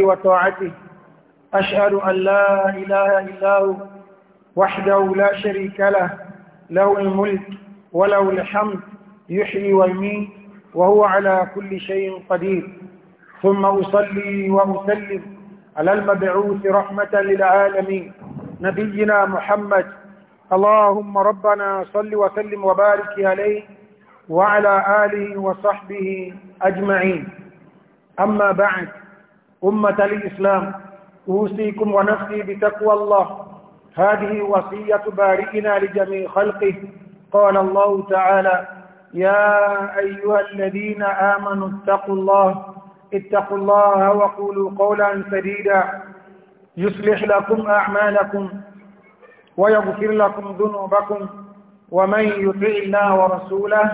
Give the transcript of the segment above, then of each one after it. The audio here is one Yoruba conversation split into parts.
وطاعته أشهد أن لا إله إلا هو وحده لا شريك له له الملك وله الحمد يحيي ويميت وهو على كل شيء قدير ثم أصلي وأسلم على المبعوث رحمة للعالمين نبينا محمد اللهم ربنا صل وسلم وبارك عليه وعلى آله وصحبه أجمعين أما بعد أمة الإسلام أوصيكم ونفسي بتقوى الله هذه وصية بارئنا لجميع خلقه قال الله تعالى يا أيها الذين آمنوا اتقوا الله اتقوا الله وقولوا قولا سديدا يصلح لكم أعمالكم ويغفر لكم ذنوبكم ومن يطع الله ورسوله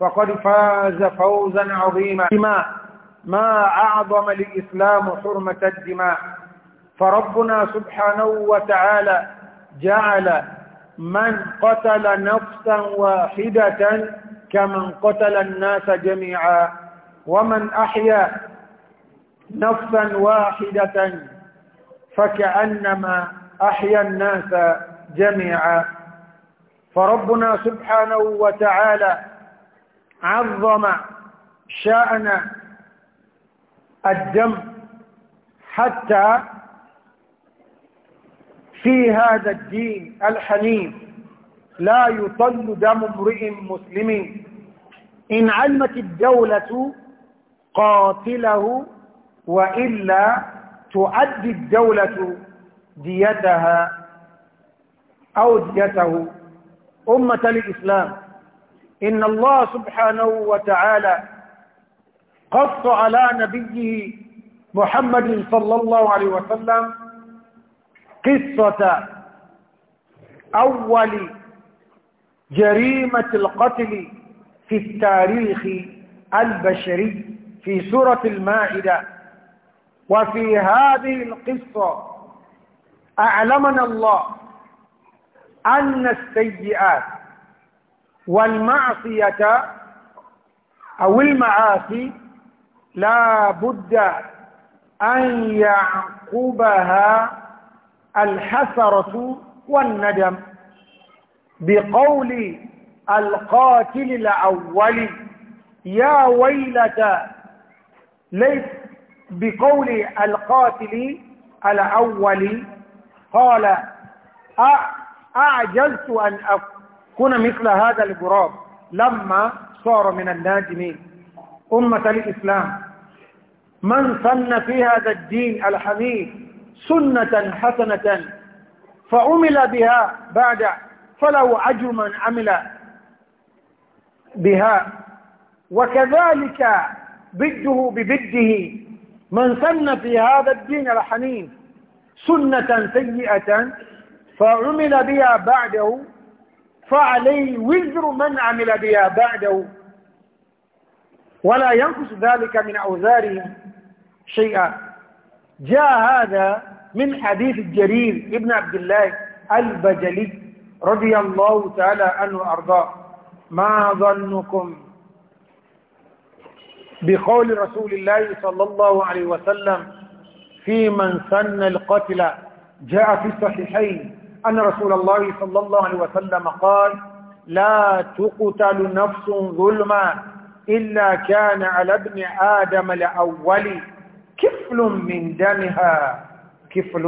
فقد فاز فوزا عظيما ما أعظم الإسلام حرمة الدماء فربنا سبحانه وتعالى جعل من قتل نفسا واحدة كمن قتل الناس جميعا ومن أحيا نفسا واحدة فكأنما أحيا الناس جميعا فربنا سبحانه وتعالى عظم شأن الدم حتى في هذا الدين الحنيف لا يطل دم امرئ مسلم إن علمت الدولة قاتله وإلا تؤدي الدولة ديتها أو ديته أمة الإسلام إن الله سبحانه وتعالى قص على نبيه محمد صلى الله عليه وسلم قصة أول جريمة القتل في التاريخ البشري في سورة المائدة وفي هذه القصة أعلمنا الله أن السيئات والمعصية أو المعاصي لا بد أن يعقبها الحسرة والندم بقول القاتل الأول يا ويلة ليس بقول القاتل الأول قال أعجزت أن أكون مثل هذا الغراب لما صار من النادمين أمة الإسلام من سن في هذا الدين الحميد سنة حسنة فعمل بها بعد فلو عجما من عمل بها وكذلك بده ببده من سن في هذا الدين الحنين سنة سيئة فعمل بها بعده فعليه وزر من عمل بها بعده ولا ينقص ذلك من أوزارهم شيئا جاء هذا من حديث الجرير ابن عبد الله البجلي رضي الله تعالى عنه وأرضاه ما ظنكم بقول رسول الله صلى الله عليه وسلم في من سن القتل جاء في الصحيحين أن رسول الله صلى الله عليه وسلم قال لا تقتل نفس ظلما إلا كان على ابن آدم الأول كفل من دمها كفل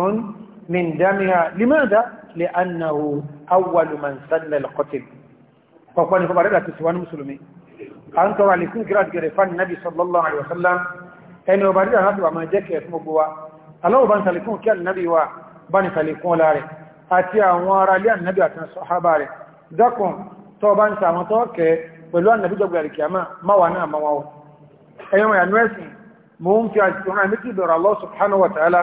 من دمها لماذا؟ لأنه أول من سن القتل فقال نفبر إلا تسوان مسلمين أنت وعليكم كرات جرفان النبي صلى الله عليه وسلم أنه وبرد هذا وما جاك يسمو بوا الله بان سلكون كان النبي وبان سلكون لاري أتيا وارا لأن النبي أتنا الصحابة لاري ذاكم توبان سامتوك pẹ̀lú ànàbíjọgbà àríkìyàmá máwà náà máwà ó ẹ̀yọ́n ìyànú ẹ̀sìn mo ń fi àtìkùnrin àmì ìbẹ̀rọ Allah subhanahu wa ta'ala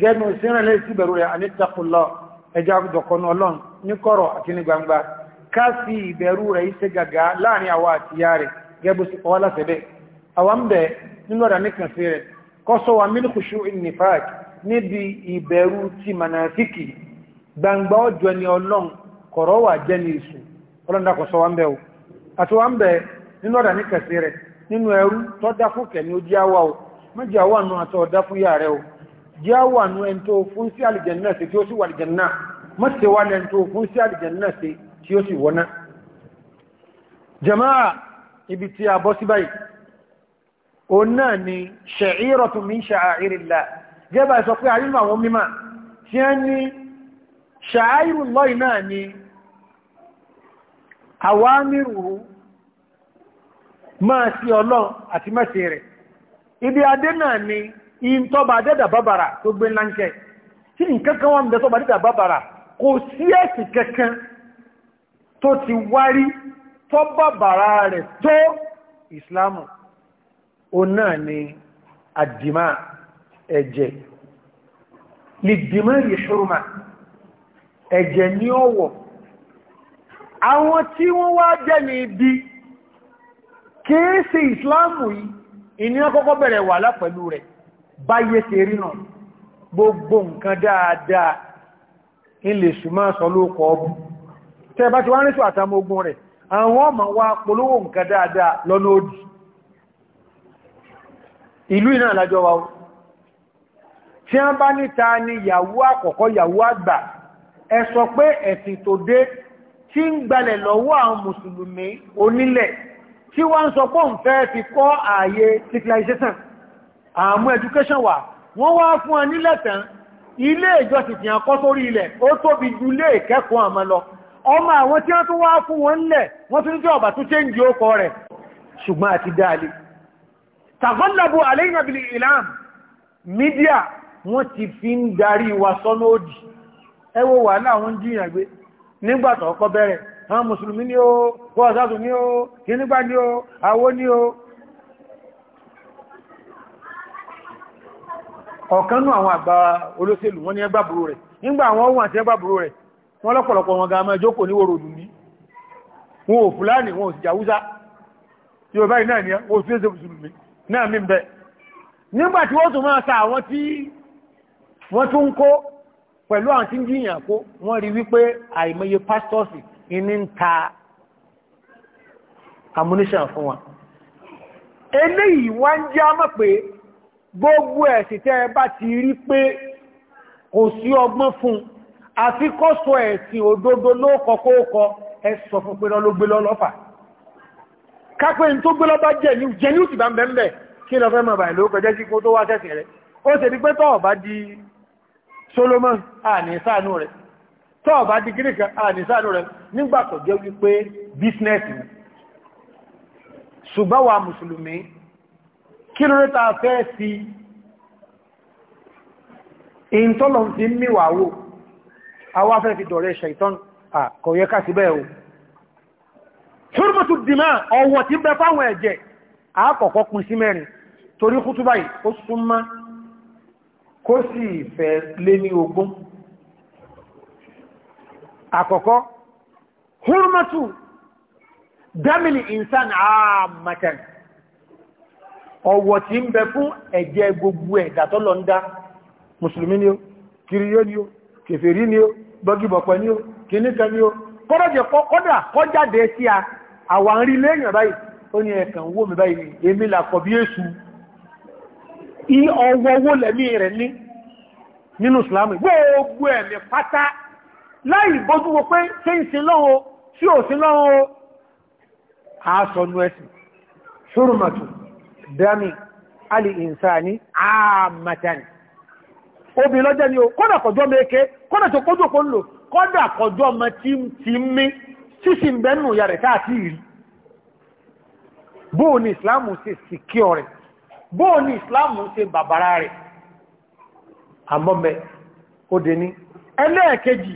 gẹ́nu ìsinrẹ̀lẹ̀ ìsìbẹ̀rù rẹ̀ ànítàkùnlọ ẹja àjọkọ̀nà ọlọ́run ní kọ̀rọ̀ àti ní gbangba ká níbi ìbẹ̀rù ti manafiki gbangba ọjọ́ ni ọlọ́run kọ̀rọ̀ jẹ́ ni ìsù ọlọ́run wa ń bẹ̀ àti wọ́n bẹ̀ nínú ọ̀dà ní kẹsì rẹ̀ nínú ẹrú tó dá fún kẹ̀ ní ó díáwà o mẹ́jì àwọ̀ àánú àti ọ̀dá fún yà rẹ̀ o díáwà nú ẹni tó fún sí àlìjẹ̀nà sí tí ó sì wà àlìjẹ̀nà mọ́sí wà lẹ́ni tó fún sí àlìjẹ̀nà sí tí ó sì wọ́ná jama'a ibi tí a bọ́ sí báyìí o náà ni sha'iratu min sha'airillah jẹ́bà sọ àwámírùú máa sí ọlọ́run àti mẹ́sì rẹ̀ ibi adé náà ni in tó bá dẹ́dà bábàrà tó gbé láńkẹ́ tí nǹkankan wọ́n bẹ̀ tó bá dẹ́dà bábàrà kò sí ẹ̀sì kankan tó ti wárí tó bábàrà rẹ̀ tó ìsìlámù o náà ni àdìmá ẹ̀jẹ̀ lè dìmá ìṣòrùmà ẹ̀jẹ̀ ní ọwọ̀ àwọn tí wọ́n wá jẹ́ ní ibi kìí sí ìsìláàmù yìí ìní ọkọ́kọ́ bẹ̀rẹ̀ wà lápẹ̀lú rẹ̀ báyé ṣe rí náà gbogbo nǹkan dáadáa ilẹ̀ ṣùmọ́ sọ ló tẹ́ bá ti wá rísù àtàmógún rẹ̀ àwọn ọmọ wa polówó nǹkan dáadáa lọ́nà òdì ìlú iná alájọ́ wa tí wọ́n bá níta ni yàwó àkọ́kọ́ yàwó àgbà ẹ pé ẹ̀sìn tó dé tí ń gbalẹ̀ lọ́wọ́ àwọn mùsùlùmí onílẹ̀ tí wọ́n ń sọ pọ́ ń fẹ́ fi kọ́ ààyè civilization àmú education wà wọ́n wá fún anílẹ̀ tán ilé ìjọsìn tí a kọ́ sórí ilẹ̀ ó tóbi ju ilé ìkẹ́kọ̀ọ́ àmọ́ lọ ọmọ àwọn tí wọ́n tún wá fún wọn lẹ̀ wọ́n tún jẹ́ ọ̀bà tún chéńjì ókọ nígbàtọ̀ ọkọ̀ bẹ̀rẹ̀ àwọn mùsùlùmí ní o bọ́ọ̀sáàtù ní o kìnígbà ní o àwó ní o ọ̀kanú àwọn àgbà olóṣèlú wọ́n ní ẹgbàbúrú rẹ̀ nígbà àwọn ohun àti ẹgbàbúrú rẹ̀ wọ́n lọ́pọ̀lọpọ̀ ni wọn ò sí ẹsẹ mùsùlùmí náà mí bẹ nígbà tí wọ́n tún máa sa àwọn pẹ̀lú àwọn tí ń jíyàn kó wọ́n rí wípé àìmọye pastọ́sì iní ń ta ammunition fún wa eléyìí wá ń já mọ̀ pé gbogbo ẹ̀sìn tẹ́ ẹ bá ti rí pé kò sí ọgbọ́n fún àfi kó sọ ẹ̀sìn òdodo lóòkọ́ kóòkọ ẹ sọ fún pé ló gbé lọ́lọ́fà kápẹ́ ní tó gbé lọ́bá jẹ́niú jẹ́niú ti bá ń kí lọ fẹ́ mọ̀ báyìí lóòkọ́ jẹ́ sí kó tó wá sẹ́sìn rẹ̀ ó sì rí pé tọ́ọ̀ bá di Solomon àníṣàánú rẹ̀ tọ́ bá di gíríkà àníṣàánú rẹ̀ nígbàtọ̀ jẹ́ wípé bísínẹ́sì ṣùgbọ́n wa mùsùlùmí kí ló rẹ́ta fẹ́ sí ìntọ́lọ̀ ti níwàwó àwọn afẹ́ fi dọ̀rẹ́ ṣàìtọ́n àkọ̀yẹ ká síbẹ̀ o ṣúrùmọ̀tù dìmá ọwọ̀ tí bẹ fáwọn ẹ̀jẹ̀ àkọ́kọ́ pín sí mẹ́rin torí kútúbáyì ó súnmọ́ kó sì fẹ́ lé ní ogún àkọ́kọ́ hurmatu tí ń bẹ fún ẹ̀jẹ̀ gbogbo ẹ̀dà tó lọ ń ni ó kiriyó ni ó kèfèrí ni ó gbọ́gibọ̀pẹ̀ ni ó kìníkà ni ó kọ́dọ̀jẹ̀ kọ́dà kọjáde sí a àwà ń rí báyìí ó ní ẹ̀kàn mi báyìí èmi làkọ̀ bí èṣù nínú ìsìlámù gbogbo ẹ̀mẹ̀ pátá láì bójú wo pé ṣe ń sin lọ́wọ́ tí ò sin lọ́wọ́ àásọ̀nù ẹ̀sìn ṣúrùmọ̀tù dami alì ìsáni àmàtàni obì lọ́jẹ́ ni ó kọ́dà kọjọ́ mẹ́kẹ́ kọ́dà tó bóò ni ìsìlámù ṣe sì kí ọ̀rẹ̀ bóò ni ìsìlámù ṣe bàbára rẹ̀ àmọ́mẹ́ ó dé ní ẹlẹ́ẹ̀kejì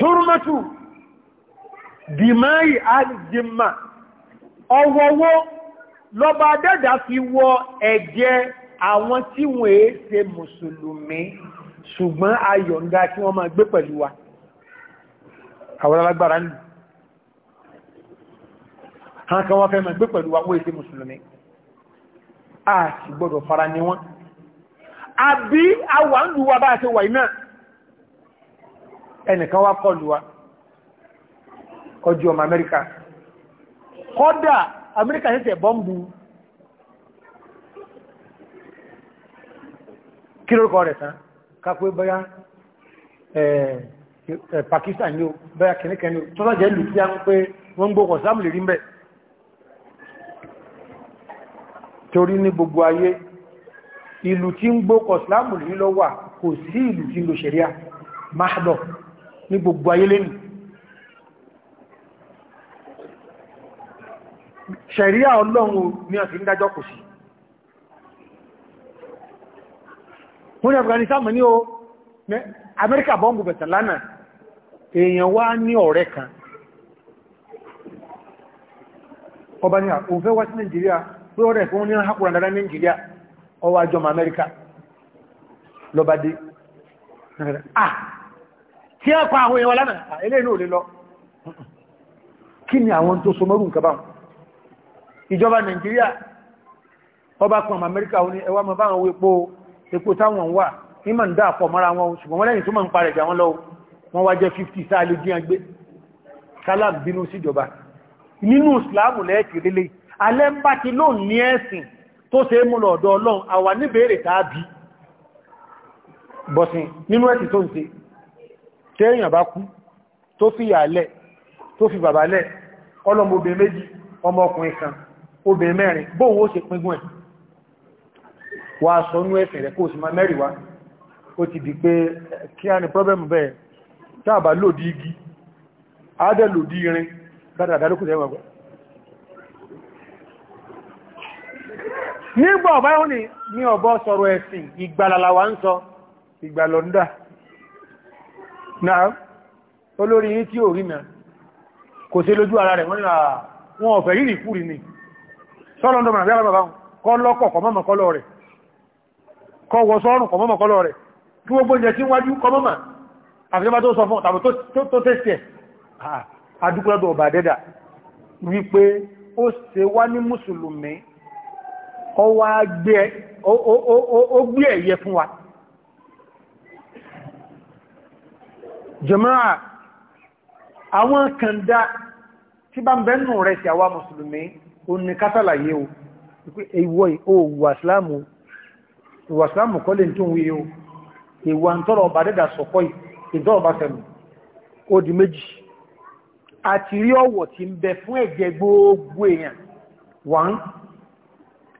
hurmatu dìmáì alìjìmá ọwọ́wọ́ lọba dẹ́dà fi wọ ẹ̀jẹ̀ àwọn tí wọ́n èé ṣe mùsùlùmí ṣùgbọ́n ayọ̀ǹda kí wọ́n máa gbé pẹ̀lú wa àwọn alágbára nì hàn kan wọ́n fẹ́ máa gbé pẹ̀lú wa wọ́n èé ṣe mùsùlùmí àbí àwà ń lúwa bá ṣe wà iná ẹnìkan wá kọ́ lúwa ọjọ́ ọmọ amẹ́ríkà kọ́dà amẹ́ríkà ní tẹ̀bọ́m̀bù kí lórúkọ rẹ̀ Pakistan ní o bọ́yá kìníkẹ́ ní o lù tí a ń pé wọ́n gbókọ̀ sáàmù lè rí mẹ́ gbogbo ayé ìlú tí ń gbókọ̀ ìsìláàmù ní lọ wà kò sí ìlú tí ń lo ṣẹ̀ríà mahdo ní gbogbo ayé lẹ́nu ṣẹ̀ríà ọlọ́run ní àti ń dájọ́ kò sí wọ́n ni Afghanistan mọ̀ ní o Amẹ́ríkà bọ́ǹbù bẹ̀tàlánà èèyàn wá ní ọ̀rẹ́ kan ọba ni àwọn òfẹ́ wá sí Nàìjíríà pé ọ̀rẹ́ fún ní àkùrà dára Nàìjíríà ọwọ́ àjọmọ̀ amẹ́ríkà lọ́ba ah tí ẹ pa àwọn èèyàn lánàá eléyìí náà lè lọ kí ni àwọn tó sọmọ́rù nǹkan báwọn ìjọba nàìjíríà ọba kan amẹ́ríkà ó ní ẹwà mọ́ báwọn epo epo táwọn wà ní ma ń dá àpọ̀ mọ́ra wọn ṣùgbọ́n wọ́n lẹ́yìn tó ma ń parẹ̀ jà wọ́n tó ṣe mú lọ ọ̀dọ̀ ọlọ́run àwa níbèèrè tàbí bọ̀sìn nínú ẹ̀sì tó ń ṣe tí èèyàn bá kú tó fi yàálẹ̀ tó fi bàbálẹ̀ ọlọ́mọ obìnrin méjì ọmọ ọkùnrin kan obìnrin mẹ́rin bóòwó ṣe píngún ẹ̀ wà sọ nú ẹ̀sìn rẹ̀ kó sì máa mẹ́rin wá ó ti di igi á dẹ̀ irin dáadáa lókùnrin ẹ̀wọ̀n nígbà ọ̀bá yóò ní ní ọ̀bọ́ sọ̀rọ̀ ẹ̀sìn ìgbàlàlàwà ń sọ ìgbàlọ́ndà náà olórí yìí tí ò rí náà kò sí lójú ara rẹ̀ wọ́n nílà wọn ọ̀fẹ́ rírì fúrì ní sọ́lọ́ndọ̀mọ̀ àbí alábàbá kọ́ lọ́kọ̀ kọ̀mọ́mọ̀kọ́lọ́ rẹ̀ kọ́ wọ sọ́rùn kọ̀mọ́mọ̀kọ́lọ́ rẹ̀ kí gbogbo jẹ sí ọ wá gbé ẹ̀yẹ fún wa jàmáà àwọn kàndá tí bá ń bẹ́nu rẹ̀ sí àwa mùsùlùmí o ní kásàlàyé o ìwọ̀ ìwà ìsìláàmù ìwà ìsìláàmù kọ́lẹ̀ tó ń wí o ìwà ń tọ́rọ ọba dẹ́dà sọ̀kọ́ ìtọ́rọ bá sẹ̀mù ó di méjì àti rí ọ̀wọ̀ tí ń bẹ fún ẹ̀jẹ̀ gbogbo èèyàn wọ́n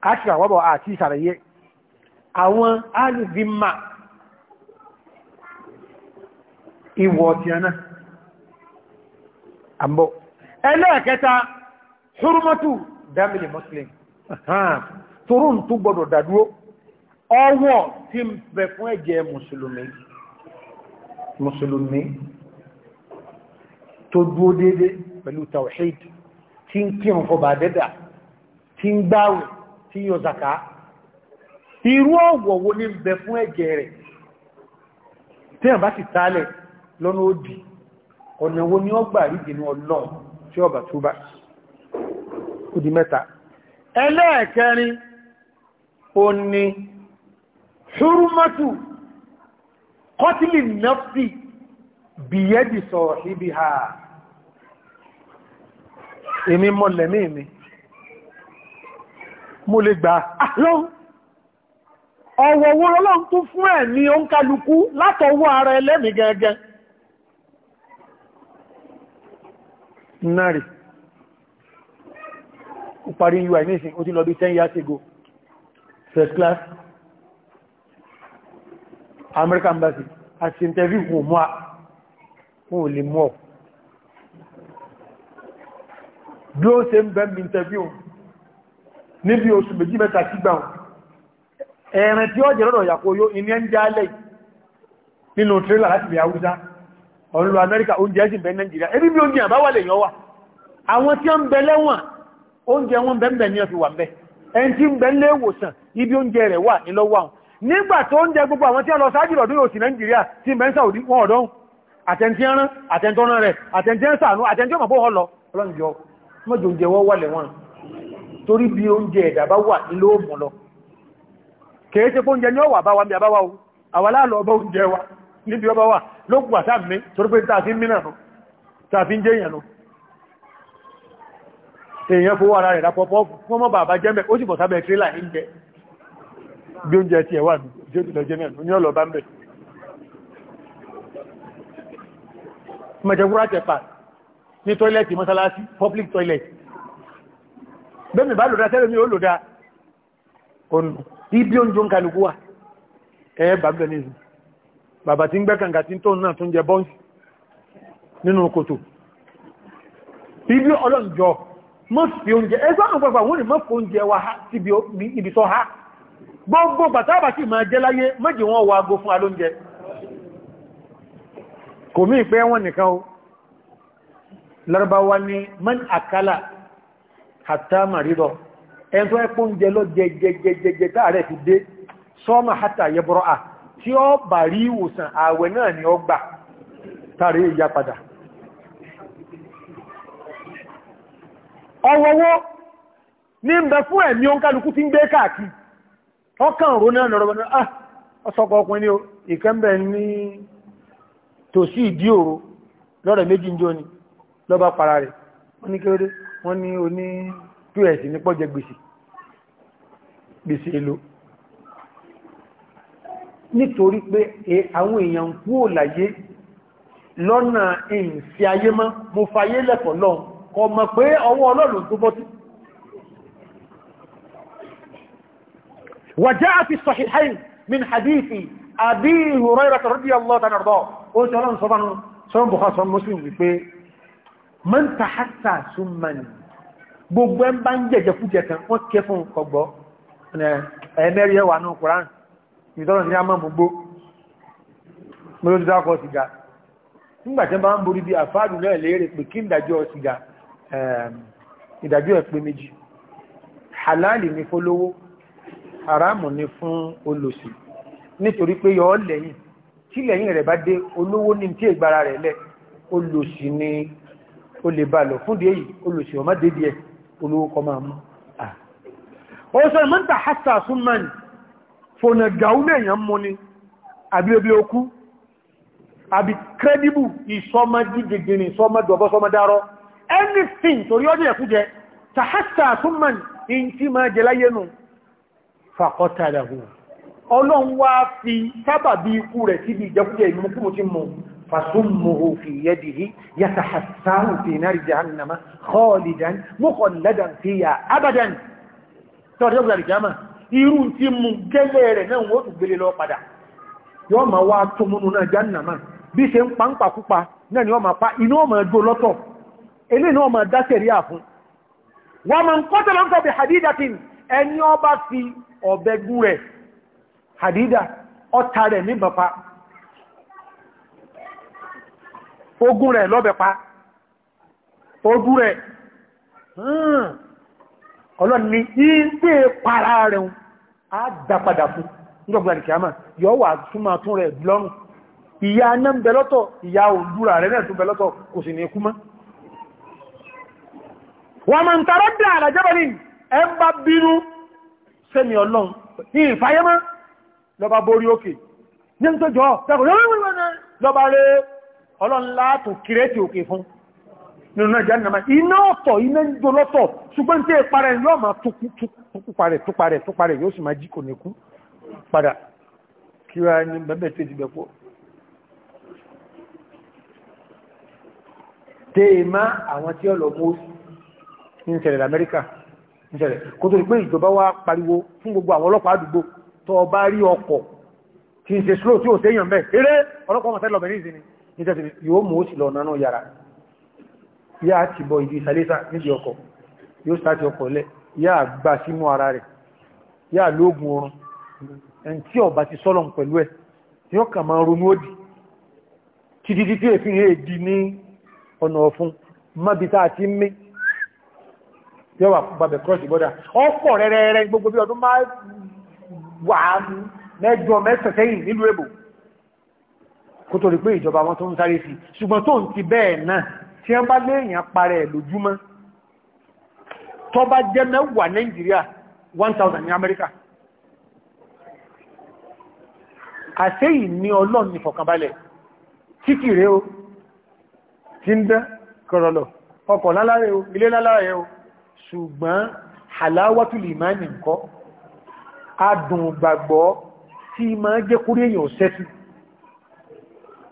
káṣíra wọ́bọ̀ àti ìsàrẹ̀yẹ àwọn alìdímà ìwọ̀ ọ̀tí ẹ̀nà àmbọ̀ ẹlẹ́ẹ̀kẹta hurmatu damili muslim torún tó gbọdọ̀ dàdúró ọwọ́ tí ń bẹ fún ẹ̀jẹ̀ mùsùlùmí mùsùlùmí tó dúó dédé pẹ̀lú tawhid tí ń kírun fọba tí ń gbáwẹ̀ tí yọ zaka irú ọ̀wọ̀ wo ní bẹ fún ẹ̀jẹ̀ rẹ̀ tí wọ́n bá ti tálẹ̀ lọ́nà òdì ọ̀nà wo ni ó gbà rí jìnú ọlọ́run tí ọba tó bá ó di mẹ́ta ẹlẹ́ẹ̀kẹrin ó ní ṣúrúmọ́tù kọtílì nọ́fì bìyẹ́dì sọ̀rọ̀ síbi ha èmi mọ́lẹ̀mí mi, mi mo lè gbà ah, lọ́n ọ̀wọ̀ owó ọlọ́run tó fún ẹ̀ ní ó ń kálukú látọwọ́ ara ẹlẹ́mì gẹ́gẹ́ náàrí ó parí ui nísìn ó ti lọ bí 10 years ago first class American embassy àti interview kò mọ́ ò lè mọ́ bí ó ṣe ń bẹ́m interview níbi oṣù méjì mẹ́ta sígbà ẹ̀rìn tí ó jẹ́rọ̀rọ̀ yàkóyó iní ń já lẹ́ nínú tírélà láti bí Haúsá ọ̀nlọ Amẹ́ríkà oúnjẹ sí bẹ Nàìjíríà ebí bí oúnjẹ àbáwà lè yọ́wà àwọn tí ó ń bẹ lẹ́wọ̀n oúnjẹ wọn bẹ̀m̀bẹ̀ ní ọ̀fì wà bẹ́ ẹn tí ń bẹ léwòsàn ibi oúnjẹ rẹ̀ wà ní lọ́wọ́ àwọn nígbà tó ń jẹ gbogbo àwọn tí ó lọ sáájì torí bí oúnjẹ ẹ̀dà bá wà nílò òmù lọ kèé tí kó oúnjẹ ní ọwà bá wa ní àbáwá o àwàlá ọba oúnjẹ wa níbi ọba wà ló kù àtàbí mi torí pé tààfin mínà nù tààfin jẹ́ èèyàn nù èèyàn fowó ara rẹ̀ rapọ̀pọ̀ fún mọ́ bàbá jẹ́mẹ̀ ó sì bọ̀ sábẹ̀ tírélà ń jẹ bí oúnjẹ ti ẹ̀wà nù tí ní ọlọ́ bá public toilet bẹ́ẹ̀mì bá lòdá sẹ́lẹ̀mí ó lòdá ọ̀nà ibi oúnjẹ kálukú wà ẹ bàbá ní ìlú bàbá tí ń gbẹ́ kàǹkà tí ń tó náà tó ń jẹ bọ́ǹsì nínú kòtò ibi ọlọ́njọ́ mọ́ sí oúnjẹ wa síbi ibi sọ ha gbogbo pàtàbà sí máa jẹ́ láyé méjì wọ́n wà agbó fún alóúnjẹ kò mí ìpẹ́ wọn nìkan o lárúbáwá ni man akala hàtà ẹn tó ẹkùn ń jẹ táàrẹ fi dé sọ́mà hàtà yẹbọrọ̀ à tí ó bà rí ìwòsàn ààwẹ̀ náà ni ó gbà tààrí ìyá padà ọwọ́wọ́ ní fún ẹ̀mí oúnkálukú tí ń gbé ọkàn lọ́rọ̀ ah, wọ́n ní oní pọ́s ní pọ́jẹ gbèsè gbèsè èlò nítorí pé e, àwọn èèyàn ń kú òlàyé lọ́nà ìfì ayé mọ́ mo fayé lẹ́kọ̀ọ́ lọ́n kọ mọ̀ pé ọwọ́ ọlọ́run tó bọ́tí وجاء في الصحيحين من حديث أبي هريرة رضي الله عنه وارضاه قلت لهم صباحا صباحا بخاصة مسلم máa ń ta hásà súnmọ́ni gbogbo ẹ̀ ń bá ń jẹ̀jẹ̀ fújẹ̀ kan wọ́n ké fún ọgbọ́ ẹ̀ẹ́mẹ́rin ẹwà náà kùrán ìtọ́rọ̀ ní àmọ́ gbogbo mọ́lódídákọ̀ sìgá nígbàtẹ́ bá ń borí bí àfáàdù náà léèrè pé kí ìdájọ́ sìgá ìdájọ́ ẹ̀ halali ni fólówó haramu ni fún olòṣì nítorí pé yọ lẹ́yìn tí lẹ́yìn rẹ̀ bá ó lè bá lọ fún díẹ̀ yìí olùsì ọmọ dédé ẹ̀ olówókọ máa mú ó sọ ìmọ́ta hasa súnmọ́ni fònà gàúnà èèyàn mú ni àbí ebi okú àbí credible ìsọmọdí gègèrè ìsọmọdọ̀bọ́ sọmọdárọ́ anything torí ọdún ẹ̀kú jẹ tahasa súnmọ́ni in tí máa jẹ láyé nù fàkọ́tàdàgùn ọlọ́run wá fi sábàbí ikú rẹ̀ síbi ìjẹkújẹ ìmúkúrò tí mú فسمه في يده يتحساه في نار جهنم خالدا مخلدا فيها أبدا ترجع الجامعة irú tí mú gẹ́lẹ̀ rẹ̀ náà wọ́n tún gbélé lọ padà yọ́ ma wá tó múnú náà jánàmà bí ṣe ń pa ń pàkúpa náà ni wọ́n ma pa inú ọmọ ẹgbò lọ́tọ̀ ilé náà ma dá sẹ̀rí àfún wọ́n ma ń kọ́tẹ̀ lọ́tọ̀ bí hadidatin ẹni ọba fi ọ̀bẹ̀gún rẹ̀ hadida ọta rẹ̀ ní bàpá ogun rẹ̀ lọ́bẹ̀ pa ogun rẹ̀ ọlọ́run ni ìgbé para rẹ̀ a dápadà fún nígbàgbà ní kìámà yọ wà súnmà tún rẹ̀ lọ́rùn ìyá aná ń bẹ lọ́tọ̀ ìyá òdúrà rẹ̀ náà tún bẹ lọ́tọ̀ kò sì ní kú mọ́ wọ́n mọ̀ ń tarọ́ bí àràjẹ́bẹ̀ ní ẹ ń bá bínú sẹ́mi ọlọ́run ní ìfàyẹ́mọ́ lọ́ba borí òkè ní ń tó jọ lọ́ba ọlọ́run látò kírẹ́tì òkè fún nínú jahannama iná ọ̀tọ̀ iná jíjọ lọ́tọ̀ ṣùgbọ́n tí ìparẹ̀ yóò máa túparẹ̀ túparẹ̀ túparẹ̀ yóò sì máa jí kò ní kú padà kí wá ní bẹ́bẹ̀ tí ó ti bẹ̀pọ̀ téèmá àwọn tí ọlọ mú ní ìṣẹ̀lẹ̀ Amẹ́ríkà ìṣẹ̀lẹ̀ kò tó pé ìjọba wá pariwo fún gbogbo nítorí yóò mú ó sì lọ nánú yàrá yá ti bọ ìdí ìsàlẹ́sà níbi ọkọ̀ yóò sáti ọkọ̀ lẹ yá gbà símú ara rẹ̀ yá lóògùn oorun ẹni tí ọba ti sọ́lọ̀ pẹ̀lú ẹ̀ yóò kà máa ronú òdì títí tí èfin èdì ní ọ̀nà ọ̀fún mọ́bí tá àti mí yóò wà bàbẹ̀ cross border ọ̀pọ̀ rẹ̀rẹ̀rẹ̀ gbogbo bí ọdún máa kó tó rí pé ìjọba wọn tó ń sáré sí ṣùgbọ́n tó ń ti bẹ́ẹ̀ náà tí wọ́n bá léèyàn parẹ́ lójúmọ́ tó bá jẹ́ mẹ́wàá nàìjíríà 1000 ní amẹ́ríkà àṣẹ́yì ní ọlọ́run ní fọ̀kànbalẹ̀ tí kì rẹ̀ o tí ń dẹ́ kọ̀rọ̀lọ̀ ọkọ̀ lálárẹ̀ o ilé lálárẹ̀ o ṣùgbọ́n halawatul imani ńkọ́ adùn gbàgbọ́ tí máa jẹ́ kúrò èèyàn sẹ́sùn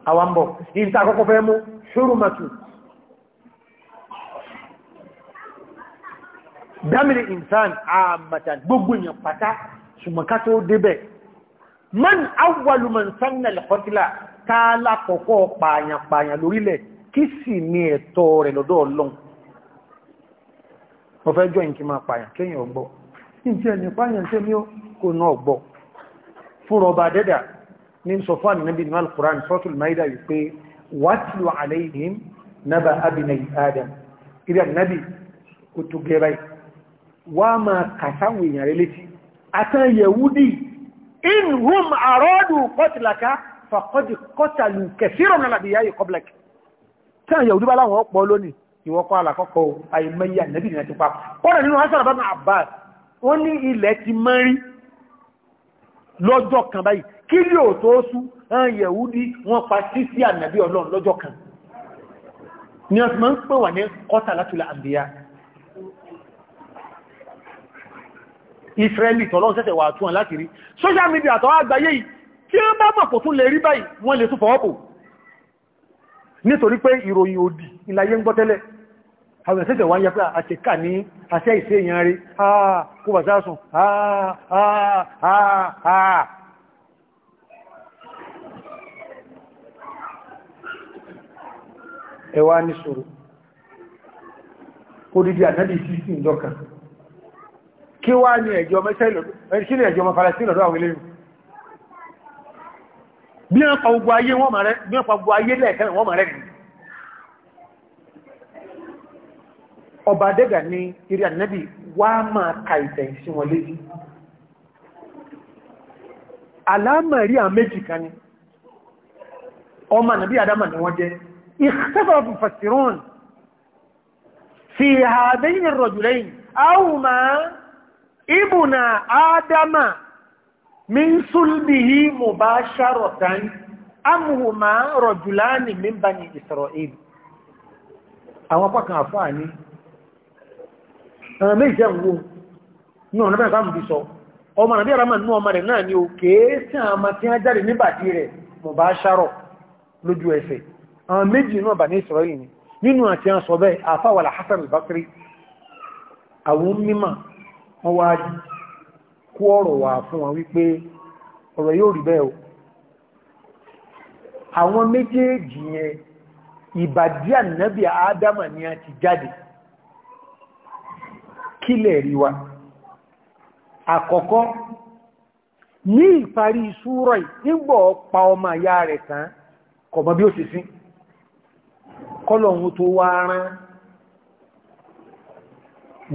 àwambọ̀ ìta àkọ́kọ́ fẹ́ mú ṣúrùmọ̀tù dámìlì ìntàn àmàtà gbogbo èèyàn pàtà ṣùgbọ́n ká tó man awwalu man sanna al-qatla tààlà kọ̀kọ́ pààyàn pààyàn lórílẹ̀ kí sì ní ẹ̀tọ́ rẹ̀ lọ́dọ̀ ọlọ́run mo fẹ́ jọ ìkí máa pààyàn kéèyàn ọgbọ́ ìjẹ́ ní pààyàn tẹ́mí ó kò náà gbọ́ fún rọba dẹ́dà ní sọfán níbi ní al-Qur'an sọ́tún maida wípé wàtílù aláìhìm náà abinai adam ibi annabi kò tó gẹ́rẹ́ wà máa kàtàwò èèyàn rẹ̀ létí àtàn yẹ̀wúdí in hum àrọ́dù kọtìláka fàkọ́dì kọtàlù kẹfìrọ̀ nàlàbíyá yìí kọ́blẹ̀kì tàn yẹ̀wúdí bá láwọn ọ̀pọ̀ lónìí ìwọ́kọ́ alákọ́kọ́ àìmẹ́yà nẹ́bì nìyàn ti pa kọ́nà nínú lọ́jọ́ kan báyìí kí lè ò tó sú ẹn yẹ̀wúdí wọ́n pa sí sí ànàbí ọlọ́run lọ́jọ́ kan ni ọ̀sùn máa ń pè wà ní kọ́tà látúlà àbíyá Israeli tọ́lọ́n sẹ́sẹ̀ wà tún láti rí social media tọ́ àgbáyé yìí tí ó bá mọ̀pọ̀ tún lè rí báyìí wọ́n lè tún fọ́ọ̀pù nítorí pé ìròyìn òdì ìlàyé ń gbọ́tẹ́lẹ̀ àwọn ìṣẹ́sẹ̀ wá ń yẹ pé àṣẹ́kà ní àṣẹ́ ìṣẹ́ èèyàn àà kó bàtásùn àà àà àà ẹwà ní ṣòro kó dídí ànábì sí sí ìjọkan kí wá ní ẹjọ́ mẹ́sẹ́lẹ̀ lọ́dọ̀ àwọn eléyìn bí wọ́n pa gbogbo ayé wọ́n mọ̀rẹ́ bí wọ́n pa gbogbo ayé lẹ́ẹ̀kẹ́rẹ̀ wọ́n mọ̀rẹ́ nìí ọba adẹ́gà ní eré ànábì wá máa ka ìtẹ̀yìn sí wọn léjì aláàmà rí àwọn méjì ọmọ ànábì adámà ni wọ́n jẹ́ اختفى المفسرون في هذين الرجلين أو ما ابن آدم من صلبه مباشرة أم هما رجلان من بني إسرائيل kan àfáà ní ẹ̀rọ méjì ẹ̀wọ̀ ní ọ̀nà mẹ́rin sáàmù sọ ni àwọn méjì náà bà ní Israeli ni nínú àti àwọn sọ̀bẹ́ àfáwàlà Hassan al-Bakri àwọn mímọ̀ wọ́n wá kú ọ̀rọ̀ wà fún wọn wípé ọ̀rọ̀ yóò rí bẹ́ẹ̀ o àwọn méjèèjì yẹn ìbàdí ànábì Ádámà ni a ti jáde kílẹ̀ rí wa àkọ́kọ́ ní ìparí súrọ̀ nígbọ̀ pa ọmọ ìyá rẹ̀ tán kọ̀mọ́ bí ó ti sin kọ́lọ̀hún tó wá rán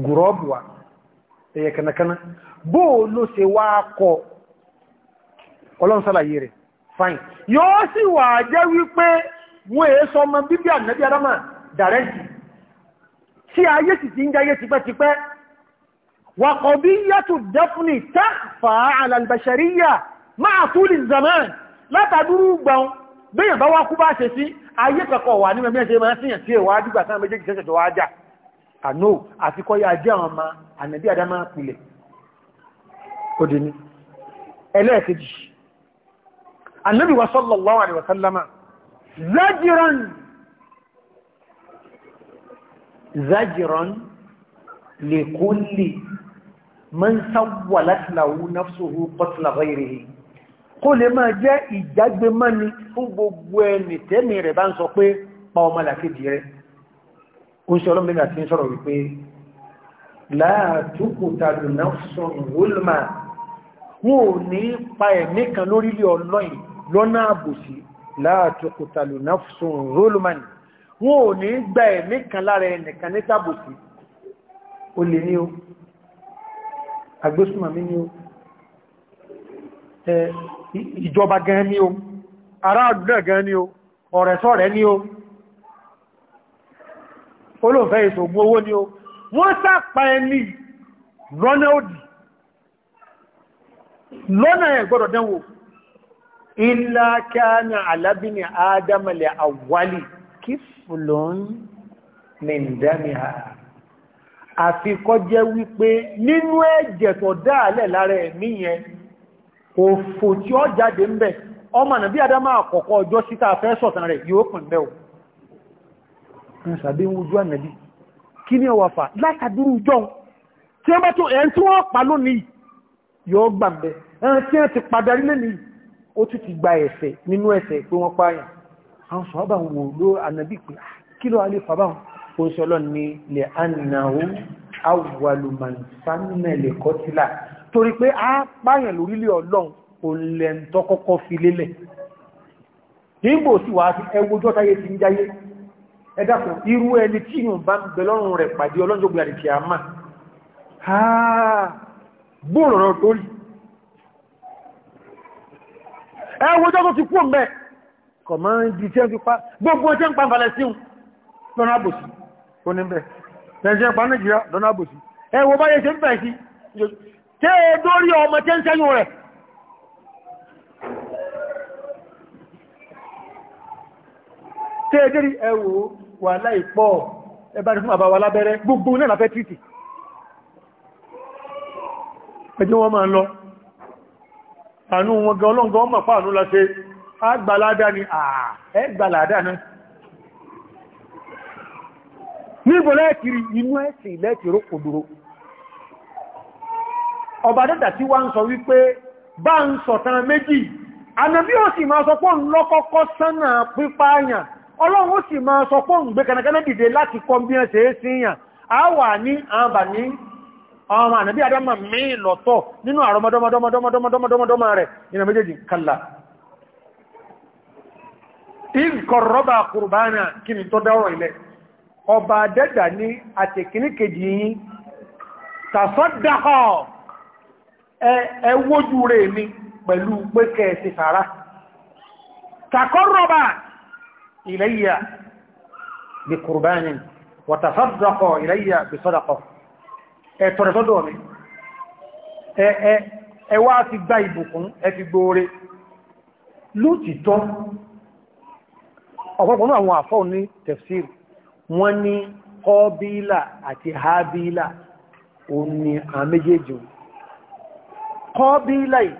gùrọ́bù wa ẹ̀yẹ kanakana bó ló ṣe wá kọ ọlọ́run sálàyé rẹ̀ fine yóò sì wà jẹ́ wípé wọ́n èé sọ ọmọ bíbí ànábí adama dàrẹ́jì tí ayé sì ti ń jayé tipẹ́tipẹ́ wàkọ̀bí yàtù dẹ́fúnì tàfà alàlbàṣàríyà máa túlì zaman látàdúrú gbọ́n bẹ́yàn bá wá bá ṣe sí ayé kankan wà nímẹ̀ mẹ́sẹ̀ máa síyàn sí ẹ̀wà àdúgbà sáà méjèèjì sẹ́sẹ̀ tó wá jà àná àti kọ́ yá jẹ́ àwọn ọmọ ànàbí àdámá pilẹ̀ ó dé ní ẹlẹ́ẹ̀kejì ànábì wa sallallahu alaihi wa sallama zajiran zajiran li kulli man sawwalat lahu nafsuhu qatla ghayrihi kó lè máa jẹ́ ìjágbe mọ́ni fún gbogbo ẹni tẹ́mi rẹ̀ bá ń sọ pé pa ọmọ làkejì rẹ̀ ó ń ṣe ọlọ́mọdé àti ń sọ̀rọ̀ wípé láàtúkùtà lùnà sọ̀rọ̀ wólùmá wọn ò ní pa ẹ̀mí kan lórílẹ̀ ọlọ́yìn gba ẹ̀mí kan lára ẹnìkan ní tàbòsí ó lè ní o agbésùnmọ̀mí ní o ìjọba gan ni o ará àdúgbò gan ni o ọ̀rẹ́ sọ̀rẹ́ ni o olóòfẹ́ ìṣògùn owó ni o wọ́n sápa ẹni lọ́nà òdì lọ́nà ẹ̀ gbọ́dọ̀ dánwò ilá kíánà alábìnrin ádámàlẹ̀ àwálì kí fùlọ́n mẹ́ndàmìhà àfikọ́ jẹ́ wípé nínú ẹ̀jẹ̀ tó dáàlẹ̀ lára ẹ̀mí òfò tí ó jáde ń bẹ̀ ọmọ nàbí adama àkọ́kọ́ ọjọ́ síta fẹ́ sọ̀tàn rẹ̀ yóò pìn bẹ́ o ní sàbí ojú ànàbí kí ní ọwà fà látàdúrú jọun tí ó bá tó ẹ̀ tí wọ́n pa lónìí yóò gbà ń bẹ̀ ẹn tí wọ́n ti pàdarí lẹ́ni ó tún ti gba ẹ̀ṣẹ̀ nínú ẹ̀ṣẹ̀ pé wọ́n pààyàn àwọn sọ̀rọ̀bà wò ló ànàbí pé ah, kí ló alẹ́ fàbá òṣèlọ́ ni lè ànàwó torí pé a pààyàn lórílẹ̀ ọlọ́run kò lẹ̀ ń tọ́kọ́kọ́ fi lélẹ̀ nígbò sí wà á fi ẹwọ́jọ́ táyé ti ń jáyé ẹ̀dàkùn irú ẹni tí yùn bá ń bẹ lọ́rùn rẹ̀ pàdé ọlọ́jọ́gbé àdìkì àmà gbóòrò lórí ẹwọ́jọ́ tó ti kú mẹ́ kọ̀mọ́ ìdí tí ẹ fi pa gbogbo ọjọ́ ń pa Palestine lọ́nà àbòsí oníbẹ̀ Nàìjíríà pa Nàìjíríà lọ́nà àbòsí ẹwọ́ tẹ́ ẹ dórí ọmọ tẹ́ ń sẹ́yìn rẹ̀ tẹ́ ẹ dérí ẹwò wà láìpọ̀ ẹbá fún àbáwà lábẹ́rẹ́ gbogbo náà láfẹ́ títì ẹjọ́ wọn máa lọ àánú wọn gan ọlọ́ngọ́ ọmọ pàánú agbàládá ni inú ẹ̀sìn ọba dẹ́dà tí wá ń sọ wípé bá ń sọ̀tàn méjì ànàbí ó sì máa sọpọ̀ ńlọ́kọ́kọ́ sánà pípáyàn ọlọ́run ó sì máa sọpọ̀ ń gbé kẹ́nẹ̀kẹ́nẹ̀ dìde láti kọ bí ẹ̀ sí yàn a wà ní àbà ní ọmọ ànàbí adama mìí lọ́tọ̀ E rẹ̀ mi pẹ̀lú pé kẹ́ẹ̀sì fara takọ́rọ̀bà ilayya bí kùrùbáyìn wàtàfàdọ́kọ̀ ilayya bí sọ́dọ̀kọ̀ ẹ tọrẹ mi ẹ wá ti gba ìbùkún ẹ ti gbóore lótìtọ́ ọ̀pọ̀pọ̀ náà àwọn àfọ́ kọ́bílẹ̀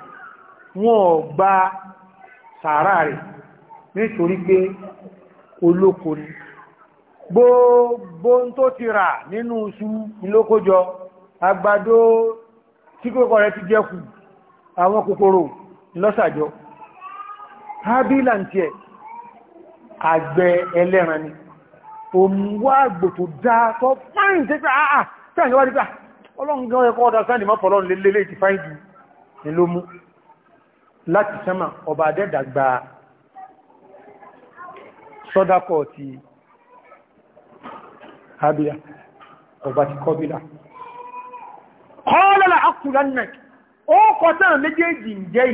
wọn ò gba sàárà rẹ̀ nítorí pé olóko ni gbogbo tó ti rà nínú iṣu ilókójọ àgbàdo tí kòkò rẹ̀ ti jẹ́kù àwọn kòkòrò lọ́sàjọ́ hábílà ń tiẹ̀ àgbẹ̀ ẹlẹ́ran ni òun wá àgbò tó dáa tó fáìn tẹ́kẹ́ àà tẹ́kẹ́ wá dípà ah, ọlọ́run gan ẹkọ́ ọdá sáà ní mọ́pọ̀lọ́run lélẹ́lẹ́ ti fáìn jù ni ló mú láti sánmà ọba adẹ́dà gba sọ́dákọ̀ ti abila ọba ti kọbílá kọ́lọ́lá akùlánà ó kọta méjèèjì ń jẹ́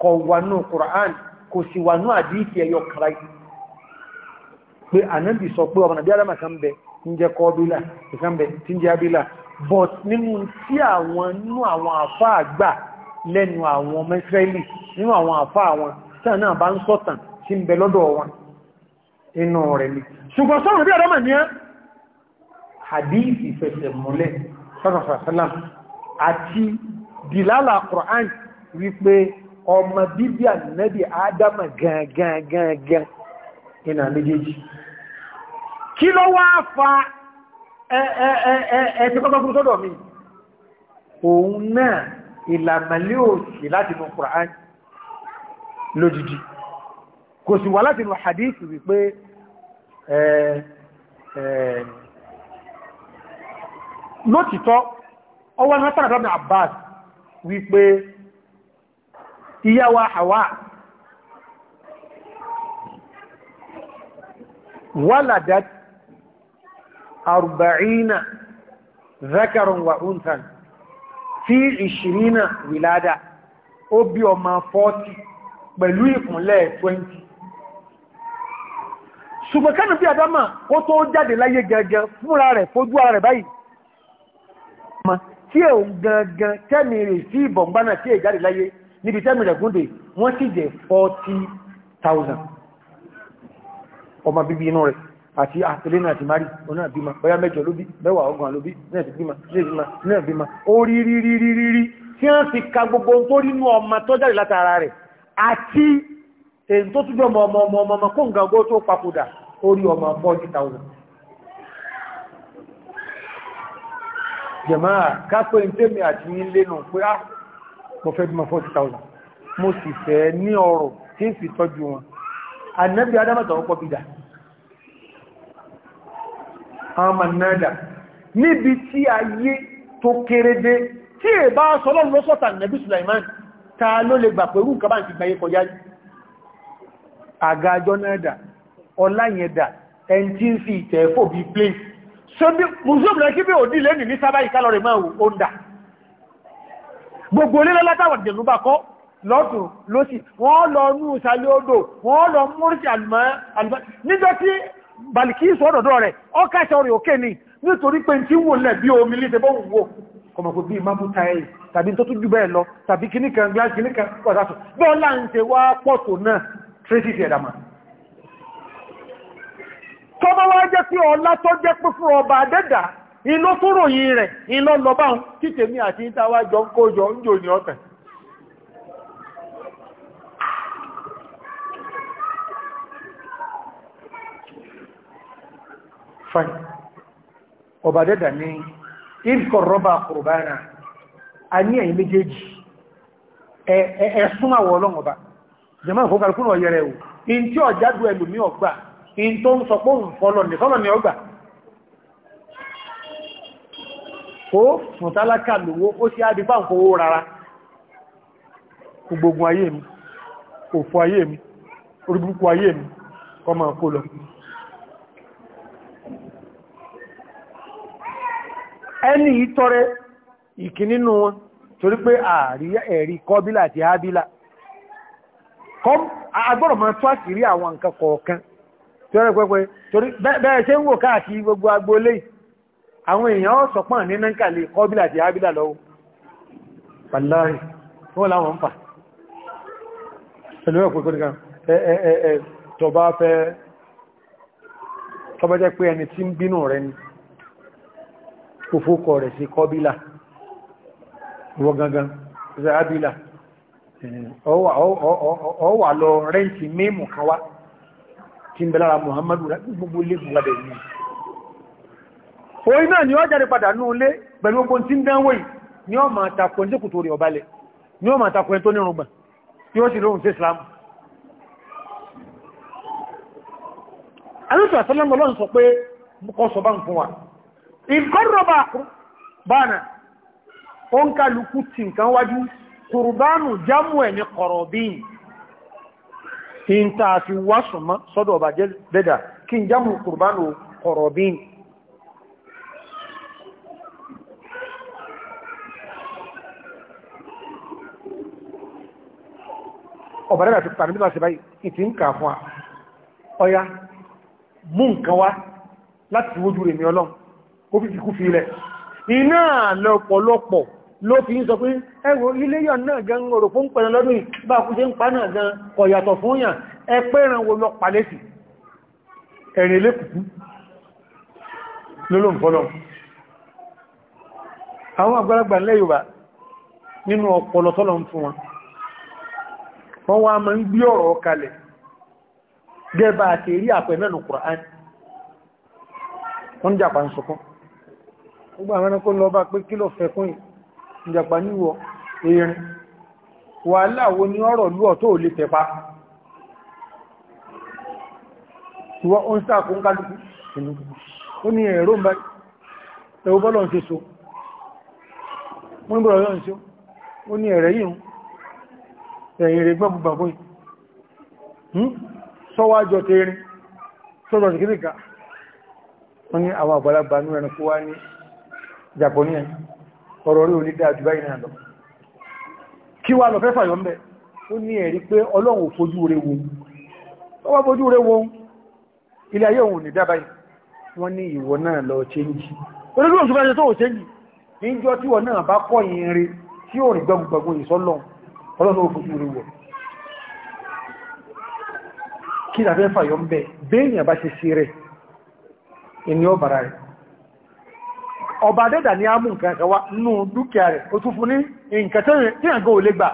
kọ̀ wànú Kùrán kò sì wànú àdíkì ẹyọ kàrá pé ànábì sọ pé ọmọ nàbí alámà kan bẹ ń jẹ́ kọbílá but nínú tí àwọn nínú àwọn àfá àgbà lẹ́nu àwọn ọmọ Ísírẹ́lì nínú àwọn àfá àwọn tán náà bá ń sọ̀tàn tí ń bẹ lọ́dọ̀ wọn inú rẹ̀ ni ṣùgbọ́n sọ́rọ̀ bí ọ̀dọ́mà ní hadithi fẹsẹ̀ múlẹ̀ sọ́rọ̀sọ̀sọ́lám àti dìlálà Qur'an wípé ọmọ bíbí ànẹ́bì Ádámà gangan gangan iná méjèèjì kí ló wá ẹ̀ẹ́sẹ̀ Abbas Hawa أربعين ذكر وأنثى في عشرين ولادة أبي وما فوتي pẹ̀lú ìkùnlẹ̀ 20 ṣùgbọ́n kánà bí àdámà ó tó jáde láyé gangan fúnra rẹ̀ fojú ara rẹ̀ báyìí tí èun gangan tẹ́mì rẹ̀ sí ìbọ̀ngbánà tí è jáde láyé níbi tẹ́mì rẹ̀ gúnde wọ́n sì jẹ́ 40,000 ọmọ bíbí inú rẹ̀ àti àtẹlẹ́ náà ti mari ọ̀nà bímọ bóyá mẹ́jọ ló bí mẹ́wàá ọgbọ̀n ló bí náà ti bímọ náà bímọ náà bímọ ó rí rí rí rí rí rí tí wọ́n ti ka gbogbo ohun tó rí inú ọmọ tó jáde látara rẹ̀ àti èyí tó túbọ̀ ọmọ ọmọ ọmọ ọmọ kó nǹkan gbó tó papòdà ó rí ọmọ forty thousand. jẹ̀mọ́ kápẹ́ ní tèmi àti yín lẹ́nu pé á ah, mo fẹ́ bímọ forty thousand mo sì fẹ́ ní ọrọ̀ tí ń fi tọ́jú wọn ànábì adámọ̀tà ọ̀pọ̀ bìdà àwọn manada níbi tí ayé tó kéré dé tí è bá sọlọ́run ló sọ́tà nẹ́bí Sulaiman ta ló lè gbà pẹ̀lú nǹkan bá ń ti gbáyé kọjá àgájọ́ náà dà ọlá yẹn dà ẹni tí ń fi ìtẹ̀ fò bí plé mùsùlùmí rẹ̀ kí bí òdí lẹ́nì ní sábà ìkálọ̀ rẹ̀ máa ó ń dà gbogbo wọ́n lọ nú ìsàlẹ̀ odò wọ́n lọ múrísì àlùmọ́ níjọ́ tí bàlìkì ìsọ́dọ̀dọ̀ rẹ̀ ọkàṣẹ́ orí òkè ni nítorí pé tí wò lẹ̀ bí omi lè tẹ́bọ̀ wò kọmọ̀kò bí mabuta ẹ̀ tàbí tó tún jù bẹ́ẹ̀ lọ tàbí kìníkan glass kìníkan pọ̀tàtù wá náà tracy ẹ̀dàmà fún ọba inú rẹ̀ inú lọ báhùn àti ń jò ní ọ̀tẹ̀ ọba dẹ́dà ní ìfọ̀ rọ́bà kùrùbánà a ní ẹ̀yìn méjèèjì ẹ̀ẹ̀sún àwọ̀ ọlọ́run ọba jẹ́mọ́ ìfọ́kàlùkùn ò in tí ọjà dù ẹlòmí ọgbà in tó ń sọ pé òun ẹni ìtọrẹ ìkìnínú wọn torí pé ààrí ẹ̀rí kọbílà àti ábílà agbọ́rọ̀ máa tó àṣírí àwọn nǹkan kọ̀ọ̀kan tí pẹ́pẹ́ torí bẹ́ẹ̀ ṣe ń wò káàkiri gbogbo agboolé àwọn èèyàn sọpọ̀ ní náǹkàlẹ̀ kọbílà àti ábílà lọ́wọ́ tọba jẹ́ pé ẹni tí ń bínú rẹ tó fókọ rẹ̀ sí kọbílà wọ́n gangan zaabila ọwà lọ rẹ́ǹtì mímù kan wá tí ń bẹ̀lára muhammadu gbogbo ilé gbogbo ní orí náà ni ó jáde padà ní ilé pẹ̀lú ogun tí ń dánwò ní ó máa takò ẹni tí kò tó rí ọbalẹ̀ ní ó máa ẹni tó ní rùgbà tí ó sì lóhun sí islam alẹ́sọ̀ àtọ́lẹ́mọ́ lọ́n sọ pé kọ́ sọ bá ń fún wa ìgọ́rọ̀bà bánà ó ń kálukú tí nǹkan wájú kùrùbánù jámù ẹ̀ e ní kọ̀rọ̀bín tí ń taa fi wá súnmọ́ sọ́dọ̀ ọba dẹ́dà kí n jámù kùrùbánù kọ̀rọ̀bín ọba dẹ́dà ti pàdé nígbà sí báyìí ìtì ń kà fún ọya mú nǹkan wá láti wójú rẹ̀ mi ọlọ́run ó fi kíkú fi ilẹ̀ iná lọ́pọ̀lọpọ̀ ló fi ń sọ pé ẹwọ lílé yàn náà gan orò fún pẹ̀lú lọ́dún bá kú ṣe ń pa náà gan kọ̀yàtọ̀ fún yàn ẹpẹ́ ìrànwò lọ pàlẹ́sì ẹ̀rìn lẹ́kùkú lólóǹfọ́lọ́ àwọn àgbàlagbà ilẹ̀ Yorùbá nínú ọpọlọ tọ́lọ wọ́n jàpá ń sọkún gbogbo àwọn ẹranko lọ bá pé kí ló fẹ́ kún ìjàpá níwọ̀ erin wàhálà wo ni ọ̀rọ̀ lúọ̀ tó lè tẹ̀pa ìwọ́ ó ń sàkún kálùkù ìlú ó ní ẹ̀rọ ń bá ẹwọ bọ́lọ̀ ń ṣe so wọ́n bọ́lọ̀ lọ́n ṣe ó ní ẹ̀rẹ̀ yìí ẹ̀yìn rẹ̀ gbọ́ gbogbo àgbóyìn hmm? sọ́wájọ́ tẹ́rin sọ́rọ̀ ìkìríkà wọ́n ní àwọn àgbàlagbà ní ẹranko wá ní jàpọ̀ní ẹ̀ ọ̀rọ̀ rí orí dáa jù báyìí náà lọ kí wá lọ fẹ́fà yọ́m̀bẹ̀ ó ní ẹ̀rí pé ọlọ́run ò fojú rẹ̀ wo ó wá fojú rẹ̀ wo ilé ayé òun ní dábáyì wọ́n ní ìwọ náà lọ chéńjì olóòrùn òṣùpá ẹjọ́ tó ò chéńjì níjọ́ tí wọ́n náà bá kọ́ yìn ò ọba dẹ́dà ní ámù nǹkan ẹ̀wà nínú dúkìá rẹ̀ ó tún fún ní nǹkan tí ẹ̀gọ́ ò lè gbà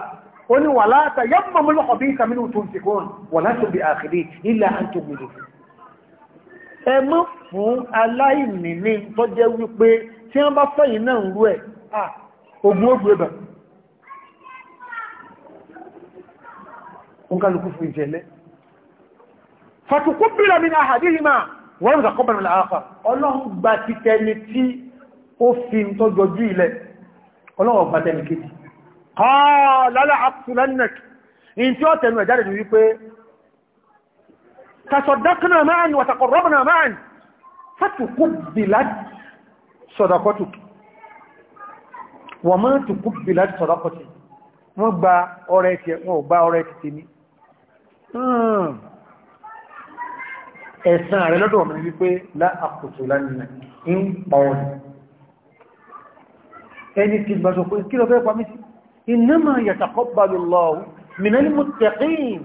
ó ní wà láta yẹ́mọ̀ mọ́lọ́kọ̀ bí ìsàmínú tó ń ti kún wà láti bí àkìrí ilẹ̀ àtòmìnì ẹ mọ́ fún aláìní ní tó jẹ́ wípé tí wọ́n bá fẹ́yìn náà ń rú ẹ̀ ogun ó fi ń tọ́jọ jú ilẹ̀ ọlọ́wọ̀ bá tẹ́lì kejì ọ̀lọ́lá àpùlẹ́nẹ̀kì in tí ó tẹ̀lú ẹ̀jáde ní wípé tasọ̀dákùnà máa ní wàtàkọ̀rọ̀bùnà máa ní fàtùkù Ẹ̀sàn rẹ̀ lọ́dọ̀ ọ̀mọ̀ wípé láàkùtù lánìí ń pa ọ̀nà ẹni kí gbà sọ pé kí lọ fẹ́ pàmí sí innama yataqabbalu Allahu minal muttaqin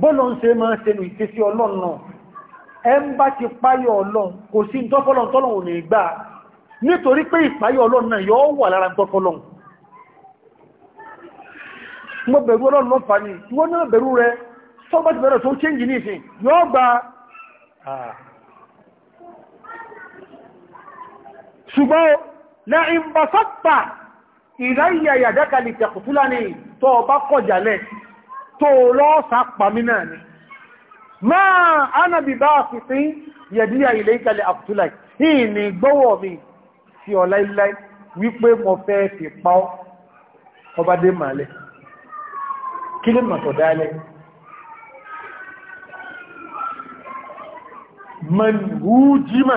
bọ́lọ̀ ń se máa ṣe lù ìtẹ́sí ọlọ́run náà ẹ ń bá ti páyọ ọlọ́run kò sí tọ́fọ́lọ́n tọ́lọ́run ò ní gbà nítorí pé ìpáyọ ọlọ́run náà yóò mo bẹ̀rù ọlọ́run lọ fà ní wọ́n náà bẹ̀rù rẹ sọ́gbà ti bẹ̀rẹ̀ tó ń chéǹjì ní ìsìn yóò gba ah. ṣùgbọ́n lẹ́yìn bọ́ sọ́pà ìráyà yàdákàlì tẹ̀kùtúlá ní tó ọba kọjàlẹ̀ tó lọ́ọ̀sá pàmínà ni máa ánàbì bá fìfin yẹ̀díyà ilẹ̀ ìkàlẹ̀ àkùtúlá yìí ni gbọ́wọ̀ mi fi ọ̀lá ilẹ̀ wípé mo fẹ́ fi pa ọba dé màálẹ̀ kí lè mọ̀ tọ̀dálẹ̀ man hujima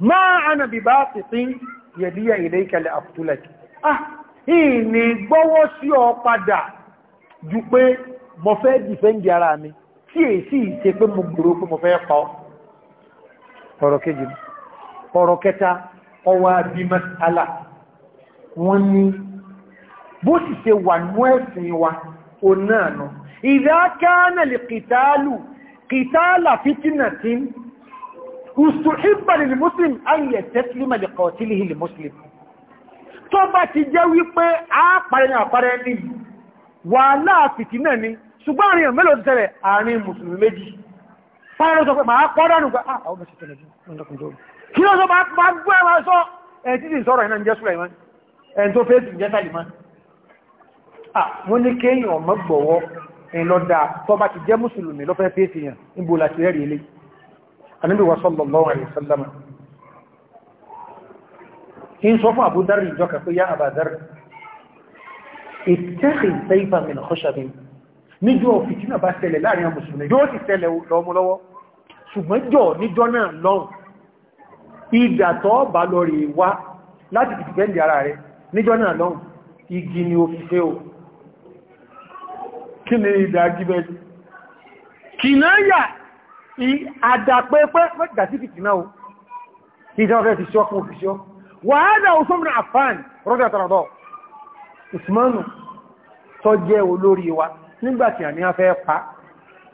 máa ana bí bá ti pín yẹ̀díyà ilé ìkẹlẹ̀ àpùtúlẹ̀k ah ìní gbọ́wọ́ sí ọ padà ju pé mo fẹ́ dìfẹ́ǹdì ara mi tí è sí ìṣe pé mo gbòrò pé mo fẹ́ pa ọ́ ọ̀rọ̀ kejì ọ̀rọ̀ kẹta ọwà bí masala wọ́n ní bó sì ṣe wà ní ẹ̀sìn wa o náà nà ìdákánà lè kìtàlù kìtàlà fítínà tí ìsùnhìbà lè muslim ayẹ̀ tẹ́sílímà lè kọ̀tílìhì lè muslim tó bá ti jẹ́ wípé a parẹ́ ní àparẹ́ ní wàhálà fìtì náà ni ṣùgbọ́n àrin mẹ́lò ti tẹ́lẹ̀ àrin mùsùlùmí méjì parẹ́ sọ pé máa pọ́dánù pé àwọn mẹ́sì tẹ́lẹ̀ jù kí ló sọ máa gbọ́ ẹ̀ máa sọ ẹ̀ tí ti sọ̀rọ̀ ìnáà jẹ́ Sulaiman ẹ̀ tó fẹ́ sì jẹ́ Salima ah, wọ́n ní kéèyàn ọmọ gbọ̀wọ́ ẹ̀ lọ́dà tó bá ti jẹ́ mùsùlùmí lọ́fẹ́ fẹ́ fi hàn níbo láti rẹ́rìí eléyìí anábì wa sallallahu alaihi wasallam in sọ fún Abu Dharr ìjọ kàfẹ́ yá Abu Dharr ìtẹ́kì sẹ́yìnfà min khushabin níjọ́ fìtínà bá ṣẹlẹ̀ láàrin àwọn mùsùlùmí yóò ti ṣẹlẹ̀ lọ́mọlọ́wọ́ ṣùgbọ́n jọ níjọ́ náà lọ́n ìdàtọ́ bá lọ rí wá láti dìfẹ́ndì ara rẹ̀ níjọ́ náà lọ́n igi ni ó fi fẹ́ o kí ni ìdàgíbẹ̀ kìnáyà àdàpẹ́pẹ́ dàtífìtì náà ìjọba fẹ́ fi ṣọ́ fún òfìṣọ́ wàhálà òṣòmìnà àfáàn rọ́dà tàràdọ́ ìsìmọ́nù tó jẹ́ olórí wa nígbàtí àní a fẹ́ pa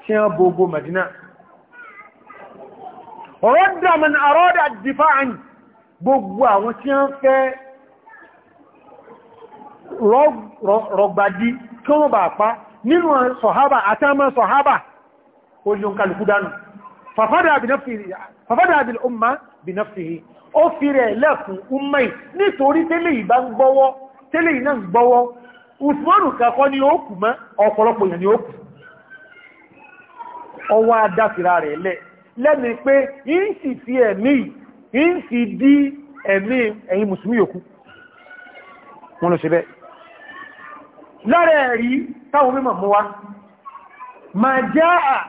tí a gbogbo Madina rọ́dà mẹ́n àrọ́dà dìfáàn gbogbo àwọn tí a fẹ́ rọgbàdí kí wọ́n bà pa nínú sọ̀hábà àtàmà sọ̀hábà ó ní fàfádà bil umma bi nafsihi ó fi rẹ̀ lẹ́fún umma yìí nítorí tẹ́lẹ̀ ìbá ń gbọ́wọ́ tẹ́lẹ̀ iná ń gbọ́wọ́ usmanu ni ó kù mọ́ ọ̀pọ̀lọpọ̀ yẹn ni ó kù ọwọ́ adáfira rẹ̀ lẹ́ lẹ́mi pé di wọn ma jẹ́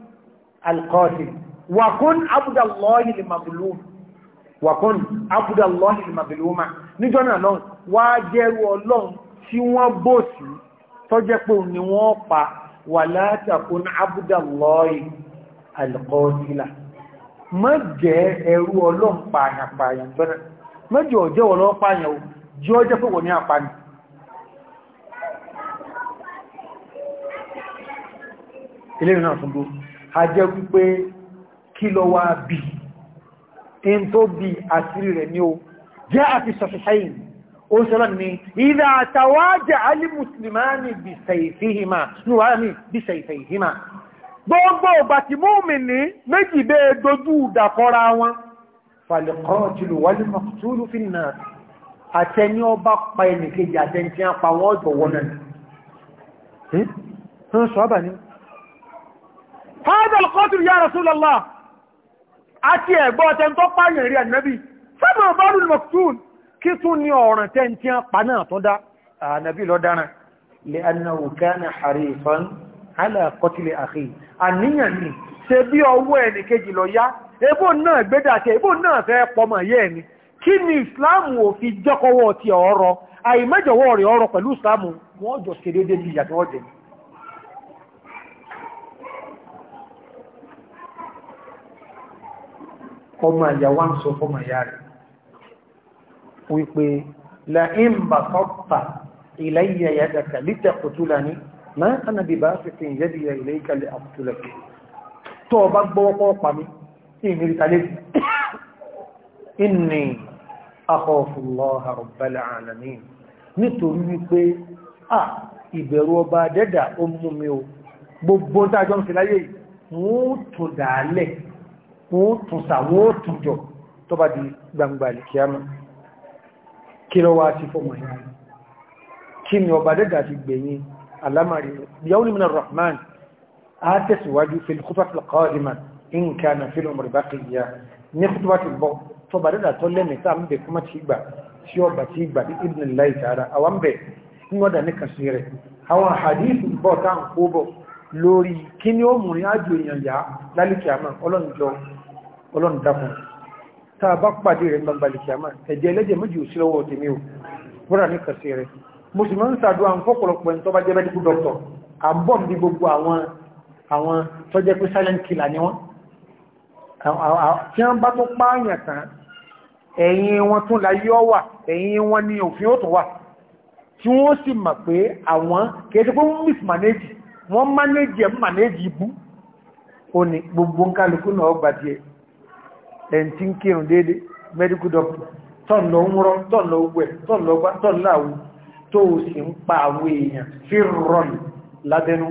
alkọ́ọ̀tì wàkún abúdàlọ́yìn màbìlúmà níjọ́ náà lọ́n wá jẹ́rú ọlọ́run tí wọ́n bó sí tọ́jẹ́ pé ní wọ́n pa wà látàkún abúdàlọ́yìn alkọ́ọ̀tìlà má jẹ́ ẹrú ọlọ́run pààyàn tọ́nà mẹ́jọ ọjọ́ ọlọ́run pààyàn o jẹ́ ọjọ́ pé wọ́n ní àpáni ilé ìrìnà ọ̀tún gbogbo a jẹ́ wípé kí lọ wá bí in tó bí àṣírí rẹ̀ ní o jẹ́ àti sọ̀fẹ́sẹ́yìn ó sọ́lọ́ ni ìdá àtàwájà alìmùsùlùmánì bí sẹ̀ìfìhìmá níwàá mi bí sẹ̀ìfìhìmá gbogbo bàtí múmìnì méjì bẹ́ dojú ìdàkọ́ra wọn fàlẹ̀kọ́jùlù wálé mọ̀kútúrú fi nà àtẹni ọba pa ẹnìkejì àtẹni tí a pa wọ́n jọ hm? wọ́n náà هذا القاتل يا رسول الله àti ẹ̀gbọ́ tẹ́ntọ́ pààyàn rí ànàbí sábà bọ́ọ̀lù mọ̀kútùn kí tún ní ọ̀ràn tẹ́ntí pa náà tó dá ànàbí lọ dára لأنه كان حريصا على قتل أخيه àníyàn ni ṣe bí ọwọ́ ẹni kejì lọ yá ebó náà gbẹ́dàtẹ̀ ebó náà fẹ́ pọmọ yẹ́ ni kí ni ìsìláàmù ò fi jẹ́kọwọ́ ti ọ̀rọ̀ àìmẹ́jọwọ́ rẹ̀ ọ̀rọ̀ pẹ̀lú ìsìláàmù wọ́n jọ ṣe déédéé ti ìyàtọ̀ ọ̀jẹ̀ ni ọmọ àyà wá ń sọ fọmọ ìyá rẹ̀ wípé la'in basata ilayya yadaka litaqtulani ma ana bibasitin yadiya ilayka liaqtulaka tó o bá gbọ́wọ́ kọ́ pa mi sí ìmìrìta lẹ́sì inni akhafullaha rabbal alamin nítorí wípé à ìbẹ̀rù ọba tó dàálẹ̀ wọ́n tún sàwọ́ tún jọ tó bá di gbangba alìkíyàmù kí lọ wá sí fọ́mọ̀ ìyá kí ni ọba dẹ́gà ti gbẹ̀yìn alamari yawon min rahman a tẹ̀síwájú fi kúfàtí kọ́ọ̀dìmà in ká na fi lọ́mọ̀rì bá kìíyà ní kúfàtí bọ́ tó bá dẹ́gà tó lẹ́mẹ̀ sáà ń bẹ̀ kuma ti gbà tí ó bá ti gbà ní ibn lai tààrà àwọn lórí kí ni ó mú ní èèyàn yá lálìkíyàmù ọlọ́njọ́ ọlọ́run dákun tá a bá pàdé rẹ̀ gbangba lè kíyàmá ẹ̀jẹ̀ ẹlẹ́jẹ̀ méjì ò sí lọ́wọ́ tèmi o búra ní kàṣẹ rẹ̀ mo sì máa ń sàdó àwọn fọ́pọ̀lọpọ̀ ẹni tó bá jẹ́ mẹ́díkù dọ́kítọ̀ à ń bọ̀ bí gbogbo àwọn àwọn tó jẹ́ pé silent killer ni wọ́n tí wọ́n bá tó pààyàn tán ẹ̀yìn wọn tún láyé ọ wà ẹ̀yìn wọn ni òfin ó tún wà tí wọ́n sì mọ̀ pé àwọn kẹ́ẹ̀ẹ́ pé wọ́n mismanage wọ́n manage ẹ̀ manage ibú ó ní gbogbo ń kálukú náà gbàdìẹ̀ ẹ̀ǹtí ń kírun déédé medical doctor tọ́n lọ ń rọ́ tọ́n lọ gbẹ̀ tọ́n lọ gbá tọ́n láwú tó o sì ń pa àwọn èèyàn fi rọ̀n lábẹ́nu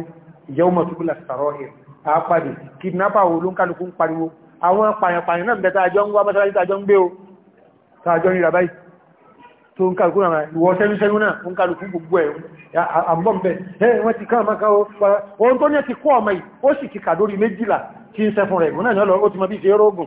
ìyẹ́wò mọ̀túkúlà sàrọ̀ ẹ̀ àápàdé kidnapper wo ló ń kálukú ń pariwo àwọn pàyànpàyàn náà bẹ̀ta àjọ ń wá mọ́sálásí tàjọ ń gbé o tàjọ ń rà báyìí tó ń kálukú náà ti ń sẹ́fún rẹ̀ òun náà ó ti mọ bí ṣe rógùn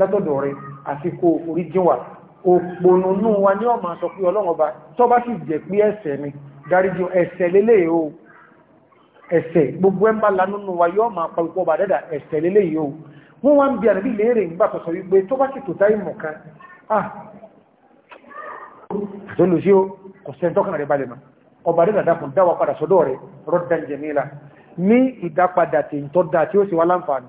látọ̀dọ̀ rẹ̀ àti kó oríjínwà òpònúnú wa ní ọmọ sọ pé ọlọ́run ọba tó bá sì jẹ́ pé ẹ̀ṣẹ̀ mi dáríjì ẹ̀ṣẹ̀ lélẹ̀ o ẹ̀ṣẹ̀ gbogbo ẹmbà lánúnú wa yóò máa pa ìpọ̀ bà dẹ́dà ẹ̀ṣẹ̀ lélẹ̀ yóò wọ́n wá ń bí àrẹ́bí léèrè nígbà tọ̀sọ̀ wípé tó bá sì tó táì mọ̀ kan ah àtọ́lùsí ó kò sẹ́ntọ́kàn rẹ̀ balẹ̀ mọ́ ọba dẹ́dà dákùn dáwà padà sọ́dọ̀ rẹ̀ rọ́dàn jẹ̀mílà ní ìdápadà tí ń tọ́ da tí ó sì wá láǹfààní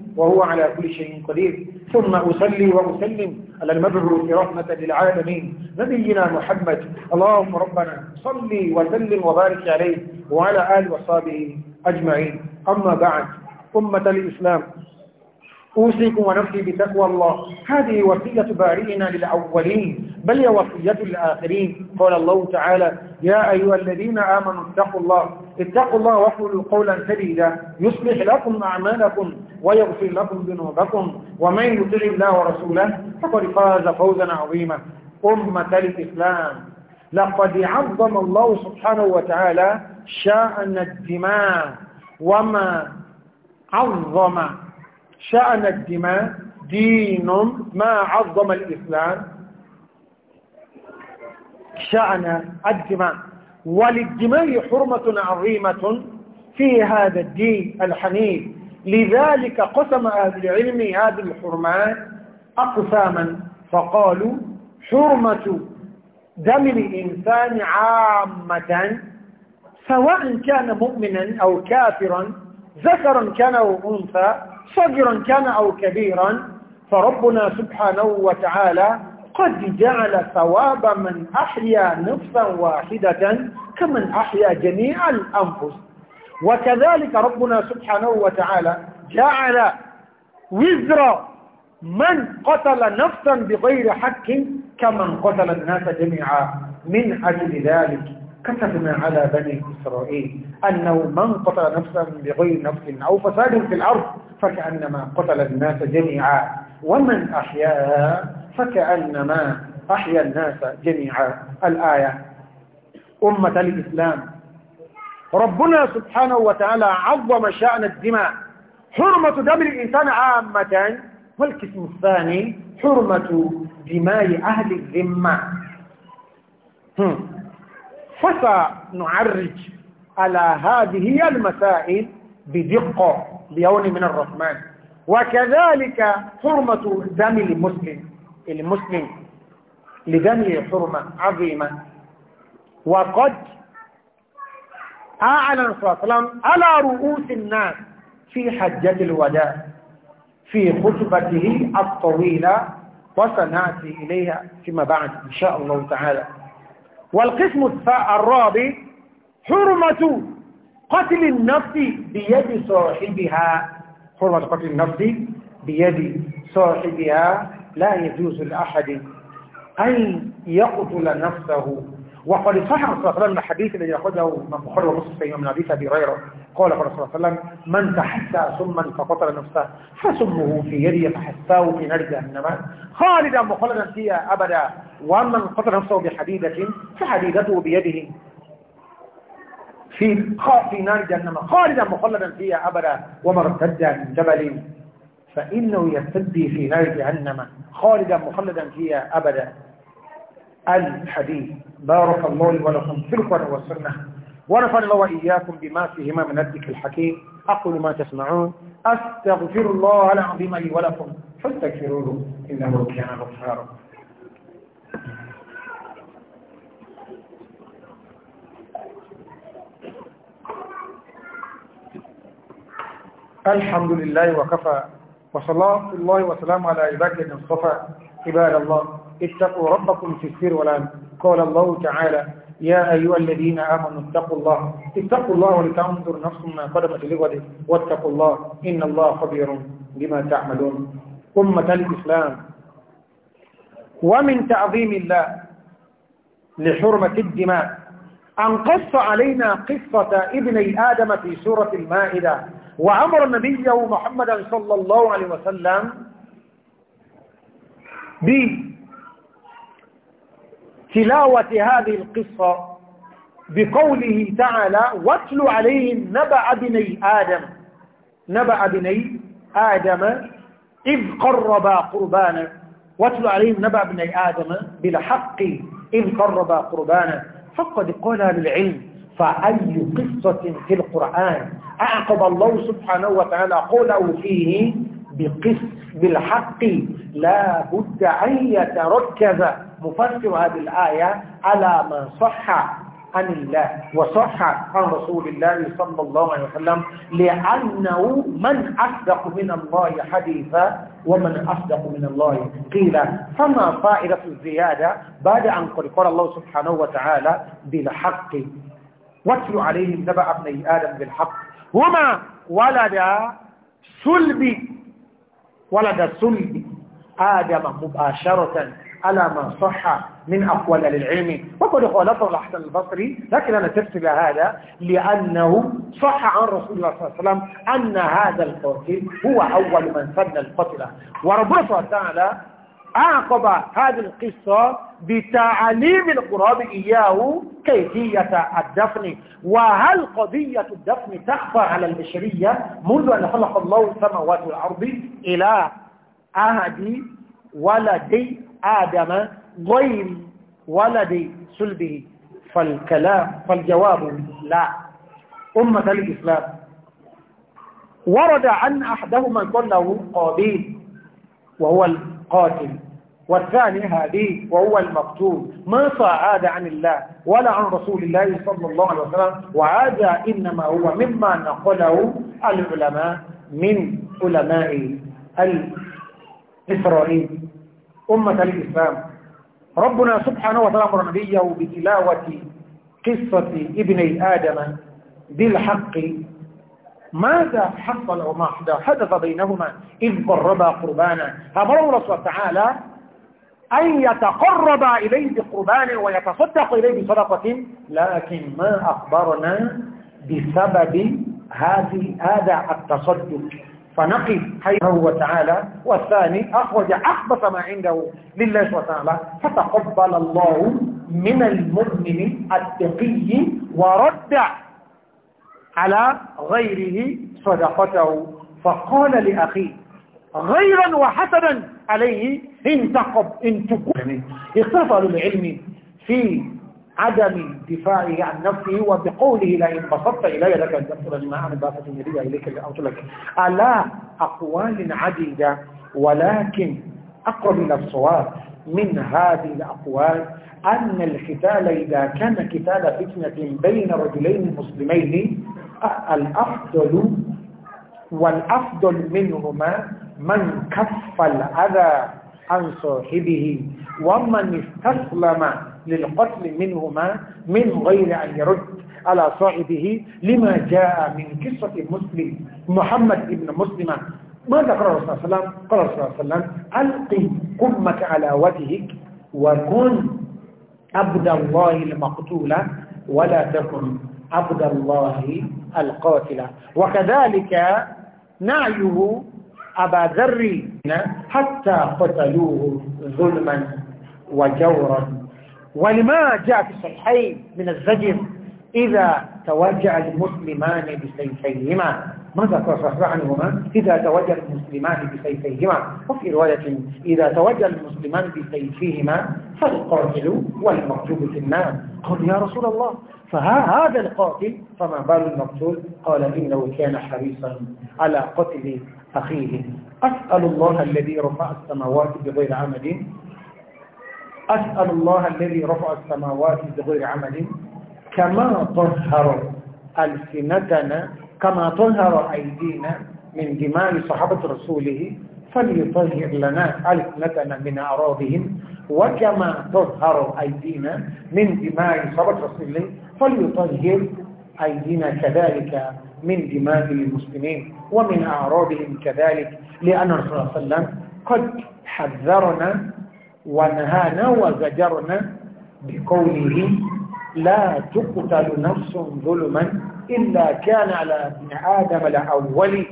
وهو على كل شيء قدير ثم أصلي وأسلم على المبعوث رحمة للعالمين نبينا محمد اللهم ربنا صلي وسلم وبارك عليه وعلى آله وصحبه أجمعين أما بعد أمة الإسلام أوصيكم ونفسي بتقوى الله هذه وصية بارئنا للأولين بل هي وصية الآخرين قال الله تعالى يا أيها الذين آمنوا اتقوا الله اتقوا الله وقولوا قولا سديدا يصلح لكم أعمالكم ويغفر لكم ذنوبكم ومن يطع الله ورسوله فقد فاز فوزا عظيما أمة الإسلام لقد عظم الله سبحانه وتعالى شأن الدماء وما عظم شأن الدماء دين ما عظم الإسلام شأن الدماء وللدماء حرمة عظيمة في هذا الدين الحنيف لذلك قسم أهل العلم هذه الحرمات أقساما فقالوا حرمة دم الإنسان عامة سواء كان مؤمنا أو كافرا ذكرا كان أو أنثى صغيرا كان أو كبيرا فربنا سبحانه وتعالى قد جعل ثواب من أحيا نفسا واحدة كمن أحيا جميع الأنفس وكذلك ربنا سبحانه وتعالى جعل وزر من قتل نفسا بغير حق كمن قتل الناس جميعا من أجل ذلك كتبنا على بني إسرائيل أنه من قتل نفسا بغير نفس أو فساد في الأرض فكأنما قتل الناس جميعا ومن أحياها فكأنما أحيا الناس جميعا الآية أمة الإسلام ربنا سبحانه وتعالى عظم شأن الدماء حرمة دم الإنسان عامة والقسم الثاني حرمة دماء أهل الذمة فسنعرج على هذه المسائل بدقة ليون من الرحمن وكذلك حرمة دم المسلم المسلم لدمه حرمة عظيمة وقد أعلن صلى الله عليه وسلم على رؤوس الناس في حجة الوداع في خطبته الطويلة وسنأتي إليها فيما بعد إن شاء الله تعالى والقسم الرابع حرمة قتل النفس بيد صاحبها حرمة قتل النفس بيد صاحبها لا يجوز لأحد أن يقتل نفسه وقد صح صلى الله عليه وسلم الحديث الذي أخذه من بخاري ومسلم في يوم الحديث أبي هريرة قال صلى الله عليه وسلم من تحسى سما فقتل نفسه فسمه في يدي فحساه في نار جهنم خالدا مخلدا فيها أبدا ومن قتل نفسه بحديدة فحديدته بيده في في نار جهنم خالدا مخلدا فيها أبدا ومن ارتد من جبل فإنه يرتدي في نار جهنم خالدا مخلدا فيها أبدا الحديث بارك الله لي ولكم في القرآن والسنة ونفعل الله وإياكم بما فيهما من الذكر الحكيم أقول ما تسمعون أستغفر الله العظيم لي ولكم فاستغفروه إنه كان غفارا الحمد لله وكفى وصلاة الله وسلام على عباد المصطفى عباد الله اتقوا ربكم في السر والآن قال الله تعالى يا أيها الذين آمنوا اتقوا الله اتقوا الله ولتنظر نفس ما قدمت لغد واتقوا الله إن الله خبير بما تعملون أمة الإسلام ومن تعظيم الله لحرمة الدماء أن قص علينا قصة ابني آدم في سورة المائدة وأمر نبيه محمد صلى الله عليه وسلم بتلاوة هذه القصة بقوله تعالى واتل عليه نبأ بني آدم نبأ بني آدم إذ قربا قربانا واتل عليه نبأ بني آدم بالحق إذ قربا قربانا فقد قلنا للعلم فأي قصة في القرآن أعقب الله سبحانه وتعالى قوله فيه بقص بالحق لا بد أن يتركز مفسر هذه الآية على ما صح عن الله وصح عن رسول الله صلى الله عليه وسلم لأنه من أصدق من الله حديثا ومن أصدق من الله قيل فما فائدة الزيادة بعد أن قل قال الله سبحانه وتعالى بالحق واتل عليهم نبأ ابني آدم بالحق هما ولد سلبي ولد سلبي آدم مباشرة على ما صح من أقوال العلم وقد خالفه أحسن البصري لكن أنا تفسر هذا لأنه صح عن رسول الله صلى الله عليه وسلم أن هذا القاتل هو أول من سن القتلة وربنا سبحانه وتعالى أعقب هذه القصة بتعليم القراب إياه كيفية الدفن وهل قضية الدفن تخفى على البشرية منذ أن خلق الله السماوات والأرض إلى أهد ولدي آدم غير ولدي سلبه فالكلام فالجواب لا أمة الإسلام ورد عن أحدهما قال له قابيل وهو القاتل والثاني هذه وهو المقتول ما صعاد عن الله ولا عن رسول الله صلى الله عليه وسلم وهذا إنما هو مما نقله العلماء من علماء إسرائيل أمة الإسلام ربنا سبحانه وتعالى أمر نبيه بتلاوة قصة ابني آدم بالحق ماذا حصل وما حدث بينهما إذ قربا قربانا أمر الله سبحانه وتعالى أن يتقرب إليه بقربان ويتصدق إليه بصدقة لكن ما أخبرنا بسبب هذه هذا التصدق فنقف هو تعالى والثاني أخرج أخبث ما عنده لله سبحانه وتعالى فتقبل الله من المؤمن التقي وردع على غيره صدقته فقال لأخيه غيرا وحسنا عليه انتقب انتقب اختلف يعني اهل العلم في عدم دفاعه عن نفسه وبقوله لئن بسطت الي لك ان تنصر ما انا باسة يدي اليك لك الا اقوال عديده ولكن اقرب الى الصواب من هذه الاقوال ان القتال اذا كان كتاب فتنه بين رجلين مسلمين الأفضل والأفضل منهما من كف الأذى عن صاحبه ومن استسلم للقتل منهما من غير أن يرد على صاحبه لما جاء من قصة مسلم محمد بن مسلم ما ذكر الرسول صلى الله عليه وسلم قال الرسول صلى الله عليه وسلم ألقي قمك على وجهك وكن عبد الله المقتول ولا تكن عبد الله القاتل وكذلك نعيه أبا ذر حتى قتلوه ظلما وجورا ولما جاء في الصحيحين من الزجر إذا توجع المسلمان بسيفيهما ماذا تصرف عنهما إذا توجه المسلمان بسيفيهما وفي رواية إذا توجه المسلمان بسيفيهما فالقاتل والمقتول في النار قال يا رسول الله فها هذا القاتل فما بال المقتول قال إنه كان حريصا على قتل أخيه أسأل الله الذي رفع السماوات بغير عمل أسأل الله الذي رفع السماوات بغير عمل كما تظهر ألسنتنا كما طهر أيدينا من دماء صحابة رسوله فليطهر لنا ألسنتنا من أعراضهم وكما تظهر أيدينا من دماء صحابة رسوله فليطهر أيدينا كذلك من دماء المسلمين ومن أعراضهم كذلك لأن رسول الله صلى الله عليه وسلم قد حذرنا ونهانا وزجرنا بقوله لا تقتل نفس ظلما إلا كان على ابن آدم الأول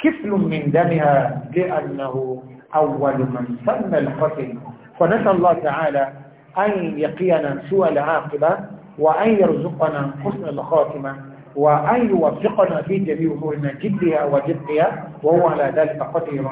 كفل من دمها لأنه أول من سمى الحسن فنسأل الله تعالى أن يقينا سوء العاقبة وأن يرزقنا حسن الخاتمة وأن يوفقنا في جميع أمورنا جدها وجدها وهو على ذلك قدير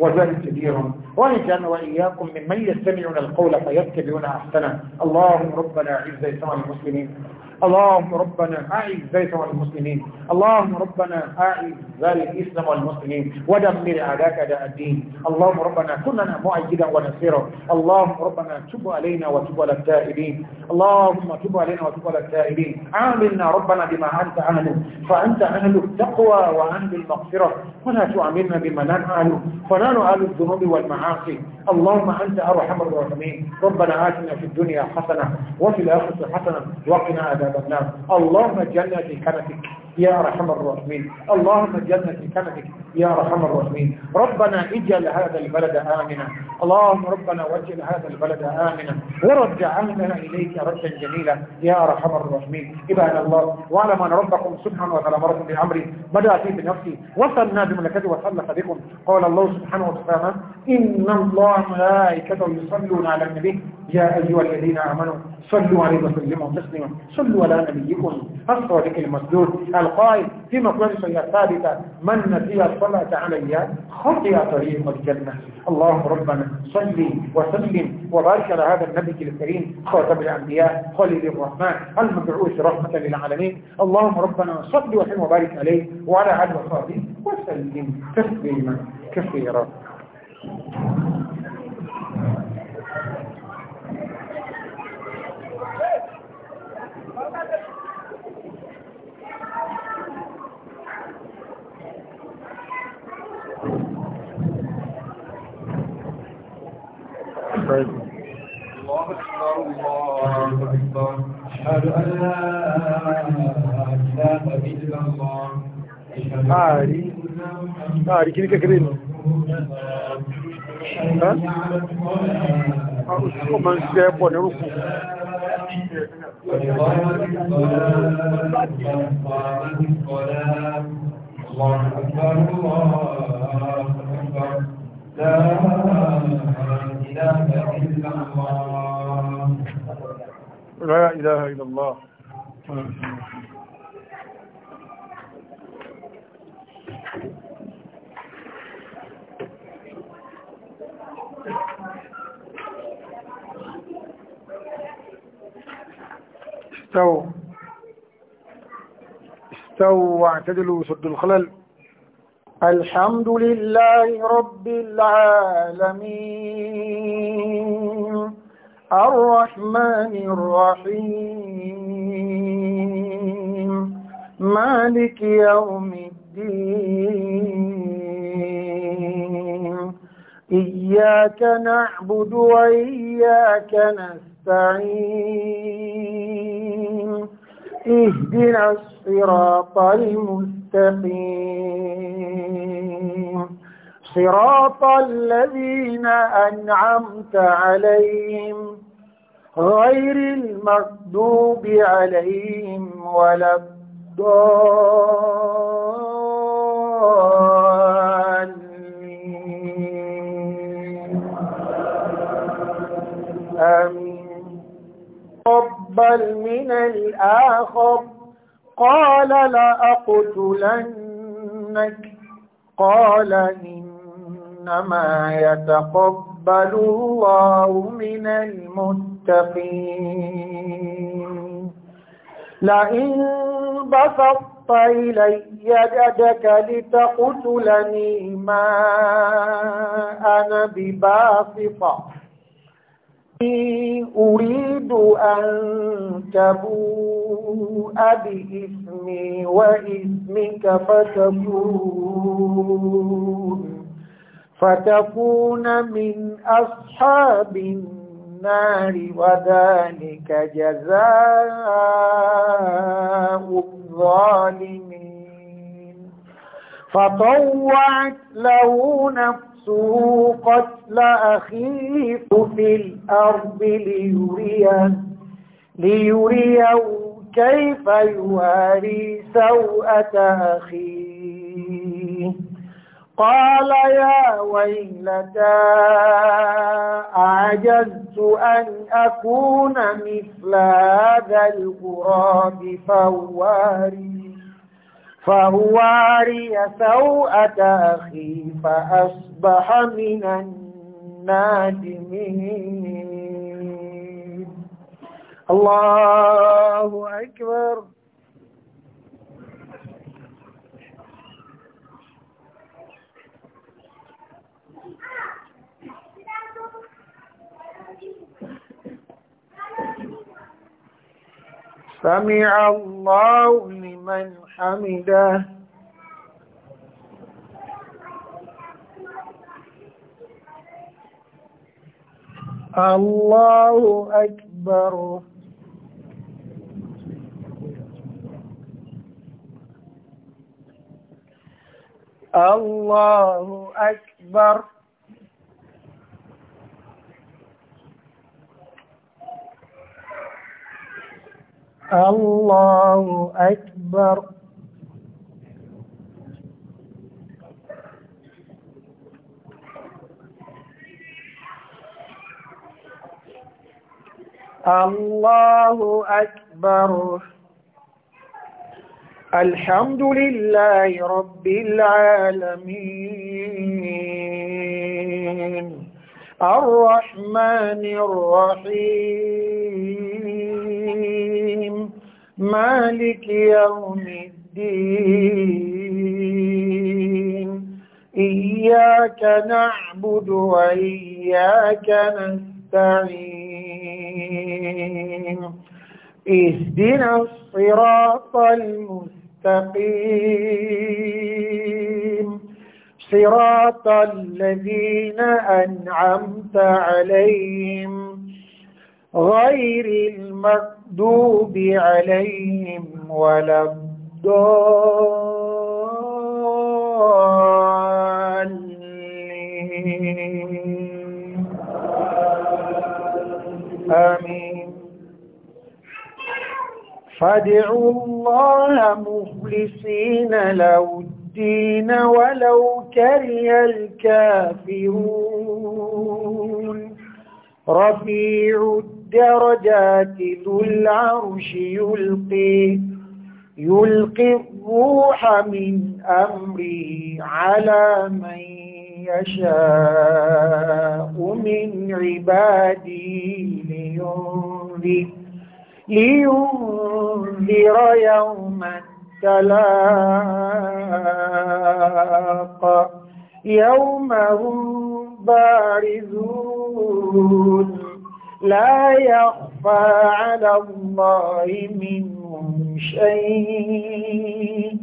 وزن كبير ونجعل وإياكم ممن يستمعون القول فيتبعون أحسنه اللهم ربنا عز إسلام المسلمين اللهم ربنا أعز زيت والمسلمين اللهم ربنا أعز ذلك الإسلام والمسلمين ودمر عداك أداء الدين اللهم ربنا كلنا مؤيدا ونصيرا اللهم ربنا تب علينا وتب على التائبين اللهم تب علينا وتب على التائبين عاملنا ربنا بما أنت أهل فأنت أهل التقوى وأهل المغفرة ولا تعاملنا بما نعمل فلا كانوا على الذنوب والمعاصي اللهم أنت أرحم الراحمين ربنا آتنا في الدنيا حسنة وفي الآخرة حسنة وقنا عذاب النار اللهم اجعلنا في كنفك يا رحم الراحمين اللهم اجعلنا في كنفك يا رحم الراحمين ربنا اجعل هذا البلد آمنا اللهم ربنا واجعل هذا البلد آمنا ورجع عملنا إليك ردا جميلا يا رحم الراحمين عباد الله واعلم أن ربكم سبحانه وتعالى مرض بأمري بدأ فيه بنفسي وصلنا بملكته وصلى بكم قال الله سبحانه وتعالى إن الله ملائكته يصلون على النبي يا أيها الذين آمنوا صلوا عليه وسلموا تسليما صلوا على نبيكم الصادق المسدود القائل في سنة ثابتة من نسي الصلاة علي خطي طريق الجنة اللهم ربنا صلي وسلم وبارك على هذا النبي الكريم خاتم الأنبياء خليل الرحمن المبعوث رحمة للعالمين اللهم ربنا صل وسلم وبارك عليه وعلى آله وصحبه وسلم تسليما كثيرا Thank you. presence. Ààrí, ààrí kí ní kékeré nù. Ó máa ń ṣe ẹ̀pọ̀ ní orúkú. Allahu Akbar, Allahu لا إله إلا الله لا إله إلا الله استووا استووا واعتدلوا سد الخلل الحمد لله رب العالمين الرحمن الرحيم مالك يوم الدين إياك نعبد وإياك نستعين اهدنا الصراط المستقيم المستقيم صراط الذين أنعمت عليهم غير المغضوب عليهم ولا الضالين آمين قبل من الآخر قال لأقتلنك قال إنما يتقبل الله من المتقين لئن بسطت إلي يدك لتقتلني ما أنا بباسطة أريد أن تبوء بإثمي وإثمك فتكون فتكون من أصحاب النار وذلك جزاء الظالمين فطوعت له نفسه نفسه قتل أخيه في الأرض ليريه ليريه كيف يواري سوءة أخيه قال يا ويلتى أعجزت أن أكون مثل هذا الغراب فواري فهو عري سوءة أخي فأصبح من النادمين الله أكبر سمع الله لمن حمده الله أكبر الله أكبر الله أكبر الله أكبر الحمد لله رب العالمين الرحمن الرحيم مالك يوم الدين إياك نعبد وإياك نستعين اهدنا الصراط المستقيم صراط الذين أنعمت عليهم غير المكذوب عليهم ولا الضالين آمين فادعوا الله مخلصين له الدين ولو كره الكافرون رفيع الدرجات ذو العرش يلقي يلقي الروح من أمره على من يشاء من عبادي لينذر لينذر يوم تلاقى يوم هم بارزون لا يخفى على الله منهم شيء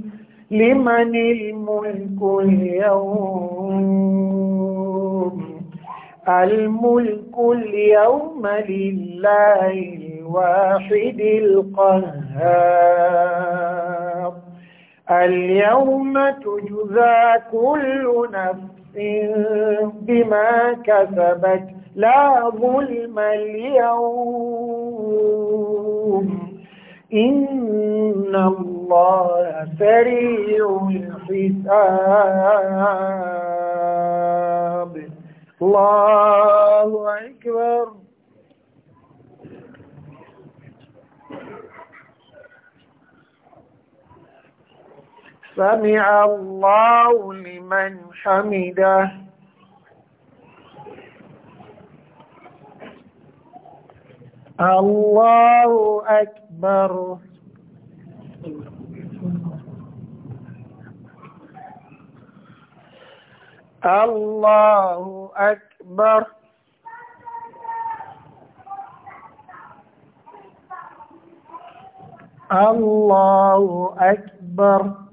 لمن الملك اليوم الملك اليوم لله الواحد القهار اليوم تجزى كل نفس بما كسبت لا ظلم اليوم إن الله سريع الحساب الله أكبر سمع الله لمن حمده الله أكبر الله أكبر الله أكبر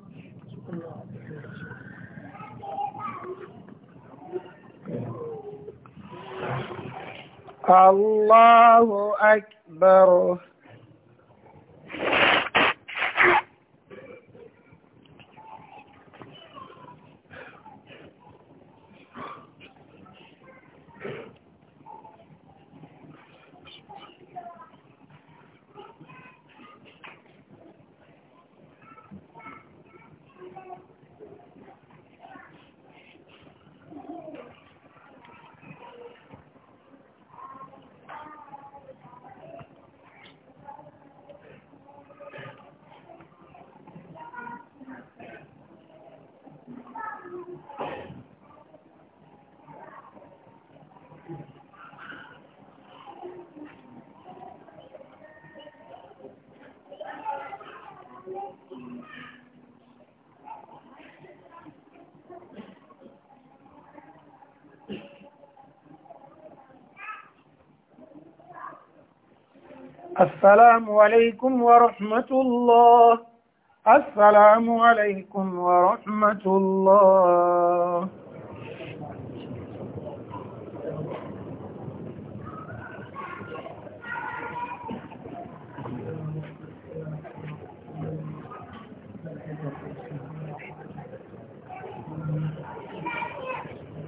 الله أكبر السلام عليكم ورحمة الله السلام عليكم ورحمة الله